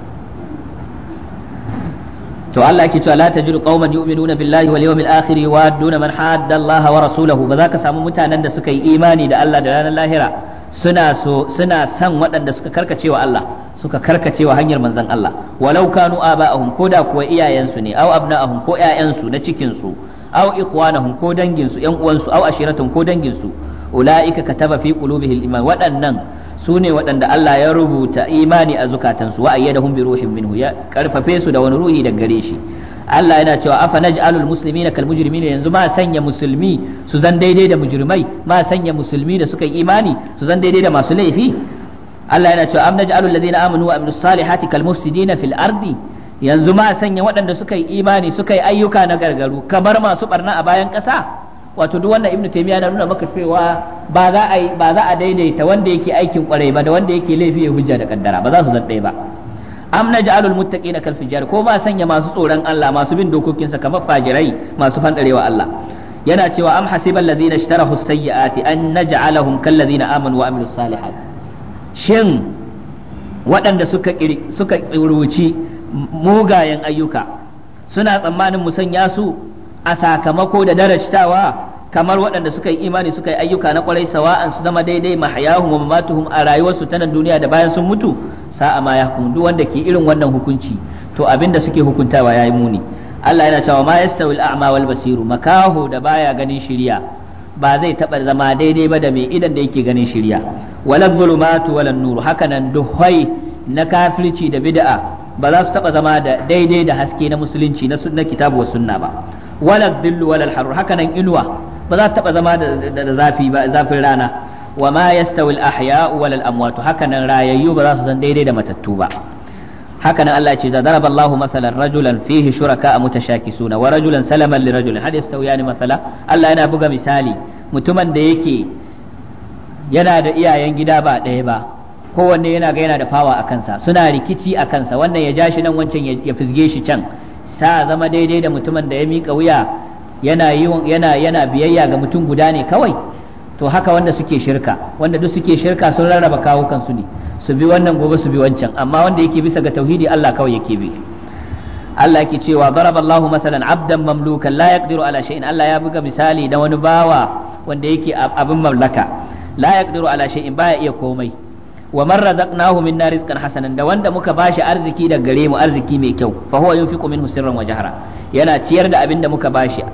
to Allah yake cewa la tajidu qauman yu'minuna billahi wal yawmil akhir yuwadduna man hadda Allah wa rasulahu ba za ka samu mutanen da suka yi imani da Allah da ranar lahira suna so suna san waɗanda suka karkacewa Allah suka karkacewa hanyar manzon Allah walau kanu aba'ahum ko da kuwa iyayensu ne aw abna'ahum ko ƴaƴansu na cikin su aw ikhwanahum ko dangin su ƴan uwansu aw ashiratan ko dangin su ulaika kataba fi qulubihil iman waɗannan su ne waɗanda Allah ya rubuta imani a zukatansu wa ayyadahum bi ruhin minhu ya karfafe su da wani ruhi daga gare shi Allah yana cewa afa naj'alul na kal mujrimina yanzu ma sanya musulmi su zan daidai da mujrimai ma sanya musulmi da suka yi imani su zan daidai da masu laifi Allah yana cewa am naj'alul ladina amanu wa amilus salihati kal mufsidina fil ardi yanzu ma sanya waɗanda suka yi imani suka yi ayyuka na gargaru kamar masu barna a bayan ƙasa wato duk wannan ibnu taymiya na nuna maka cewa ba za a ba za a daidaita wanda yake aikin kwarai ba da wanda yake laifi ya hujja da kaddara ba za su zan ba am naj'alul muttaqina kal fujjar ko ma sanya masu tsoron Allah masu bin dokokinsa kamar fajirai masu fandarewa Allah yana cewa am hasibal ladzina ishtarahu sayyi'ati an naj'alahum kal ladzina amanu wa amilus salihati shin waɗanda suka suka tsiruci mugayen ayyuka suna tsammanin musanya su a sakamako da darajtawa kamar waɗanda suka yi imani suka yi ayyuka na kwarai sawa'an su zama daidai mahayahu wa mamatuhum a rayuwarsu ta nan duniya da bayan sun mutu sa'a ma ya duk wanda ke irin wannan hukunci to abinda suke hukuntawa ya yi muni Allah yana cewa ma yastawil a'ma wal basiru makaho da baya ganin shiriya ba zai taɓa zama daidai ba da mai idan da yake ganin shirya wala zulumatu walan nuru hakanan duhai na kafirci da bid'a ba za su taɓa zama da daidai da haske na musulunci na sunna kitabu wa sunna ba wala dhillu wala harur hakanan inuwa ba za ta taɓa zama da zafi ba zafin rana wa ma yastawi al ahya wala al hakanan rayayyu ba za su zan daidai da matattu ba haka nan Allah ce da Allah masalan rajulan fihi shuraka mutashakisuna wa rajulan salaman li rajulin hal yastawiyani masala Allah yana buga misali mutumin da yake yana da iyayen gida ba ɗaya ba kowanne yana ga yana da fawa a kansa suna rikici a kansa wannan ya ja shi nan wancan ya fisge shi can sa zama daidai da mutumin da ya mika wuya yana yana yana biyayya ga mutum guda ne kawai to haka wanda suke shirka wanda duk suke shirka sun rarraba kawukan su ne su bi wannan gobe su bi wancan amma wanda yake bisa ga tauhidi Allah kawai yake bi Allah yake cewa daraballahu masalan abdan mamlukan la yaqdiru ala shay'in Allah ya buga misali da wani bawa wanda yake abin mamlaka la yaqdiru ala shay'in baya iya komai wa man razaqnahu minna rizqan hasanan da wanda muka bashi arziki da gare mu arziki mai kyau fa huwa yunfiqu minhu sirran wa jahra yana ciyar da abin da muka bashi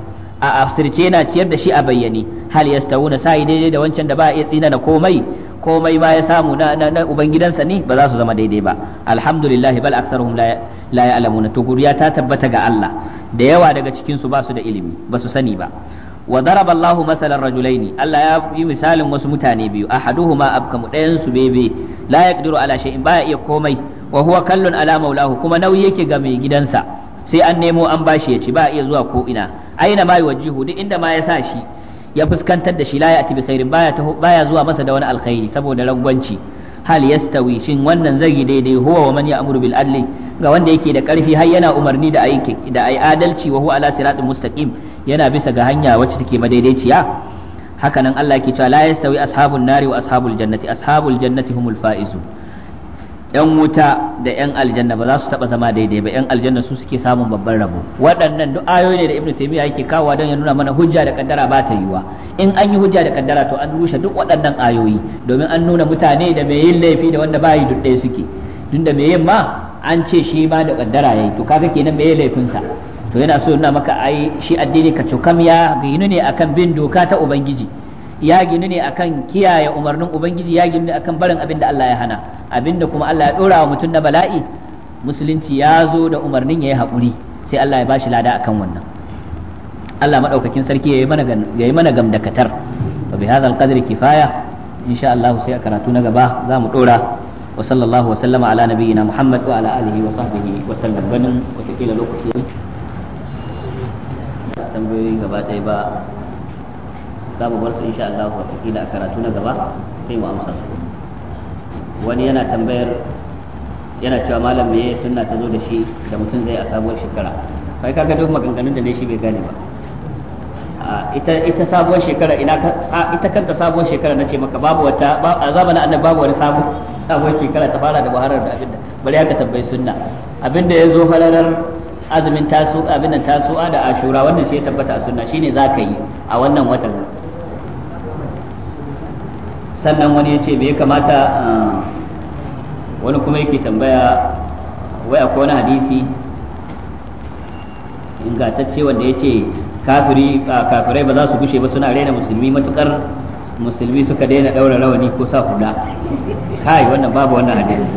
a asirce yana ciyar da shi a bayyane hal yastawuna sai daidai da wancan da ba iya tsina da komai komai ma ya samu na ubangidansa ne ba za su zama daidai ba alhamdulillah bal aktsaruhum la la ya'lamuna to guriya ta tabbata ga Allah da yawa daga cikin su ba su da ilimi ba su sani ba wa daraba Allah masalan rajulaini Allah ya yi misalin wasu mutane biyu ahaduhuma abkamu dayan su bebe la yaqdiru ala shay'in ya iya komai wa huwa kallun ala maulahu kuma nauyi yake ga mai gidansa sai an nemo an bashi ya ci ba iya zuwa ko ina aina ma yuwajjihu duk inda ma ya sa shi ya fuskantar da shi la ya'ti bi khairin baya baya zuwa masa da wani alkhairi saboda rangwanci hal yastawi shin wannan zai daidai huwa wa man ya'muru bil adli ga wanda yake da karfi har yana umarni da aiki da ai adalci wa huwa ala siratin mustaqim yana bisa ga hanya wacce take madaidaiciya hakanan Allah yake cewa la yastawi ashabun nari wa ashabul jannati ashabul jannati humul faizun 'yan wuta da 'yan aljanna ba za su taba zama daidai ba 'yan aljanna su suke samun babban rabo waɗannan duk ayoyi ne da ibnu taymiya yake kawo don ya nuna mana hujja da kaddara ba ta yiwa in an yi hujja da kaddara to an rushe duk waɗannan ayoyi domin an nuna mutane da mai yin laifi da wanda bayi duɗɗe suke tunda mai yin ma an ce shi ma da kaddara yayi to kaga kenan mai laifin sa to yana so nuna maka ai shi addini ka cokam ya ne akan bin doka ta ubangiji ya ginu ne akan kiyaye umarnin ubangiji ya ginu ne akan barin abin da Allah ya hana abin da kuma Allah ya dora wa mutum na bala'i musulunci ya zo da umarnin ya yi haƙuri sai Allah ya bashi lada akan wannan Allah maɗaukakin sarki yayi mana yayi mana gamdakatar wa bi hadzal qadri kifaya insha Allah sai a karatu na gaba za mu dora wa sallallahu wa sallama ala nabiyyina Muhammad wa ala alihi wa sahbihi wa sallam ganin wata lokaci tambayoyi gaba ɗaya ba za mu bar su insha Allah watakila a karatu na gaba sai mu amsa su wani yana tambayar yana cewa malam me sunna ta zo da shi da mutum zai a sabuwar shekara kai kaga duk maganganun da ne shi bai gane ba ita ita sabuwar shekara ina ita kanta sabuwar shekara nace maka babu wata azaba na annabi babu wani sabu sabuwar shekara ta fara da baharar da abinda bari haka tambayi sunna abinda ya zo falalar azumin tasu abin nan tasu'a da ashura wannan shi ya tabbata a sunna shine zaka yi a wannan watan sannan wani ya ce bai kamata ah, wani kuma yake tambaya wai akwai wani hadisi ingantacce wanda ya ce ah, kafirai ba za su gushe ba suna raina musulmi matukar musulmi suka daina daura rawani ko sa kuda kai wannan babu wannan hadisi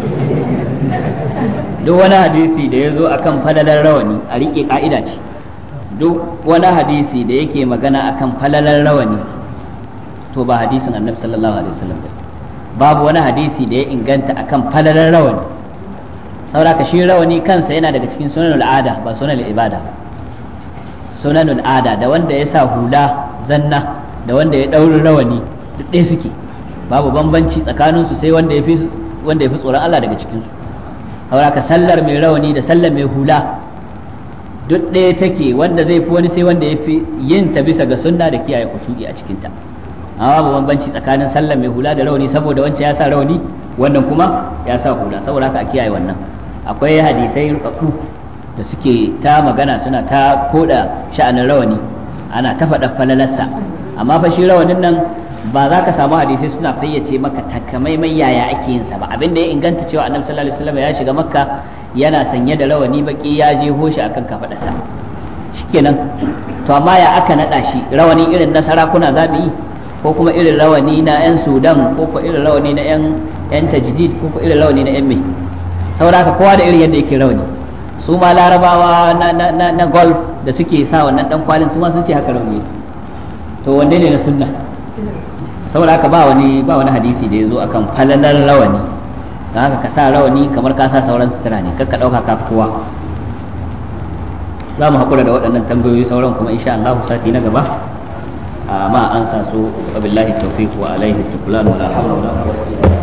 duk wani hadisi da ya zo akan falalar rawani a riƙe ka'ida ce duk wani hadisi da yake magana akan falalar rawani to ba hadisin annabi sallallahu alaihi wasallam ba babu wani hadisi da ya inganta akan falalar rawani saboda shi rawani kansa yana daga cikin sunan al'ada ba sunan ibada ba sunan al'ada da wanda ya sa hula zanna da wanda ya dauri rawani duk ɗaya suke babu bambanci tsakanin su sai wanda ya fi wanda ya fi tsoron Allah daga cikin su saboda sallar mai rawani da sallar mai hula duk ɗaya take wanda zai fi wani sai wanda ya fi yin ta bisa ga sunna da kiyaye kusuri a cikinta ta amma ba bambanci tsakanin sallar mai hula da rauni saboda wancan ya sa rauni wannan kuma ya sa hula saboda haka a kiyaye wannan akwai hadisai rubabbu da suke ta magana suna ta koda sha'anin rawani ana ta faɗa falalarsa amma fa shi rawanin nan ba za ka samu hadisai suna fayyace maka takamaiman yaya ake yin sa ba abin da ya inganta cewa annabi sallallahu alaihi wasallam ya shiga makka yana sanye da rawani baki ya je hoshi akan kafadarsa shikenan to amma ya aka nada shi rawanin irin na sarakuna za mu yi ko kuma irin rawani na 'yan sudan ko kuma irin rawani na 'yan tajdid ko kuma irin rawani na 'yan mai saboda kowa da irin yadda yake rawani su ma larabawa na golf da suke sa wannan dan kwalin su ma sun ce haka rauni to wanne ne na sunna saboda haka ba wani ba wani hadisi da yazo akan falalar rawani don haka ka sa rawani kamar ka sa sauran sutura ne kar ka dauka ka kowa za mu haƙura da waɗannan tambayoyi sauran kuma insha Allah sati na gaba ama an sa su wabillahi tawfiq wa alaihi tuklan wa la hawla wa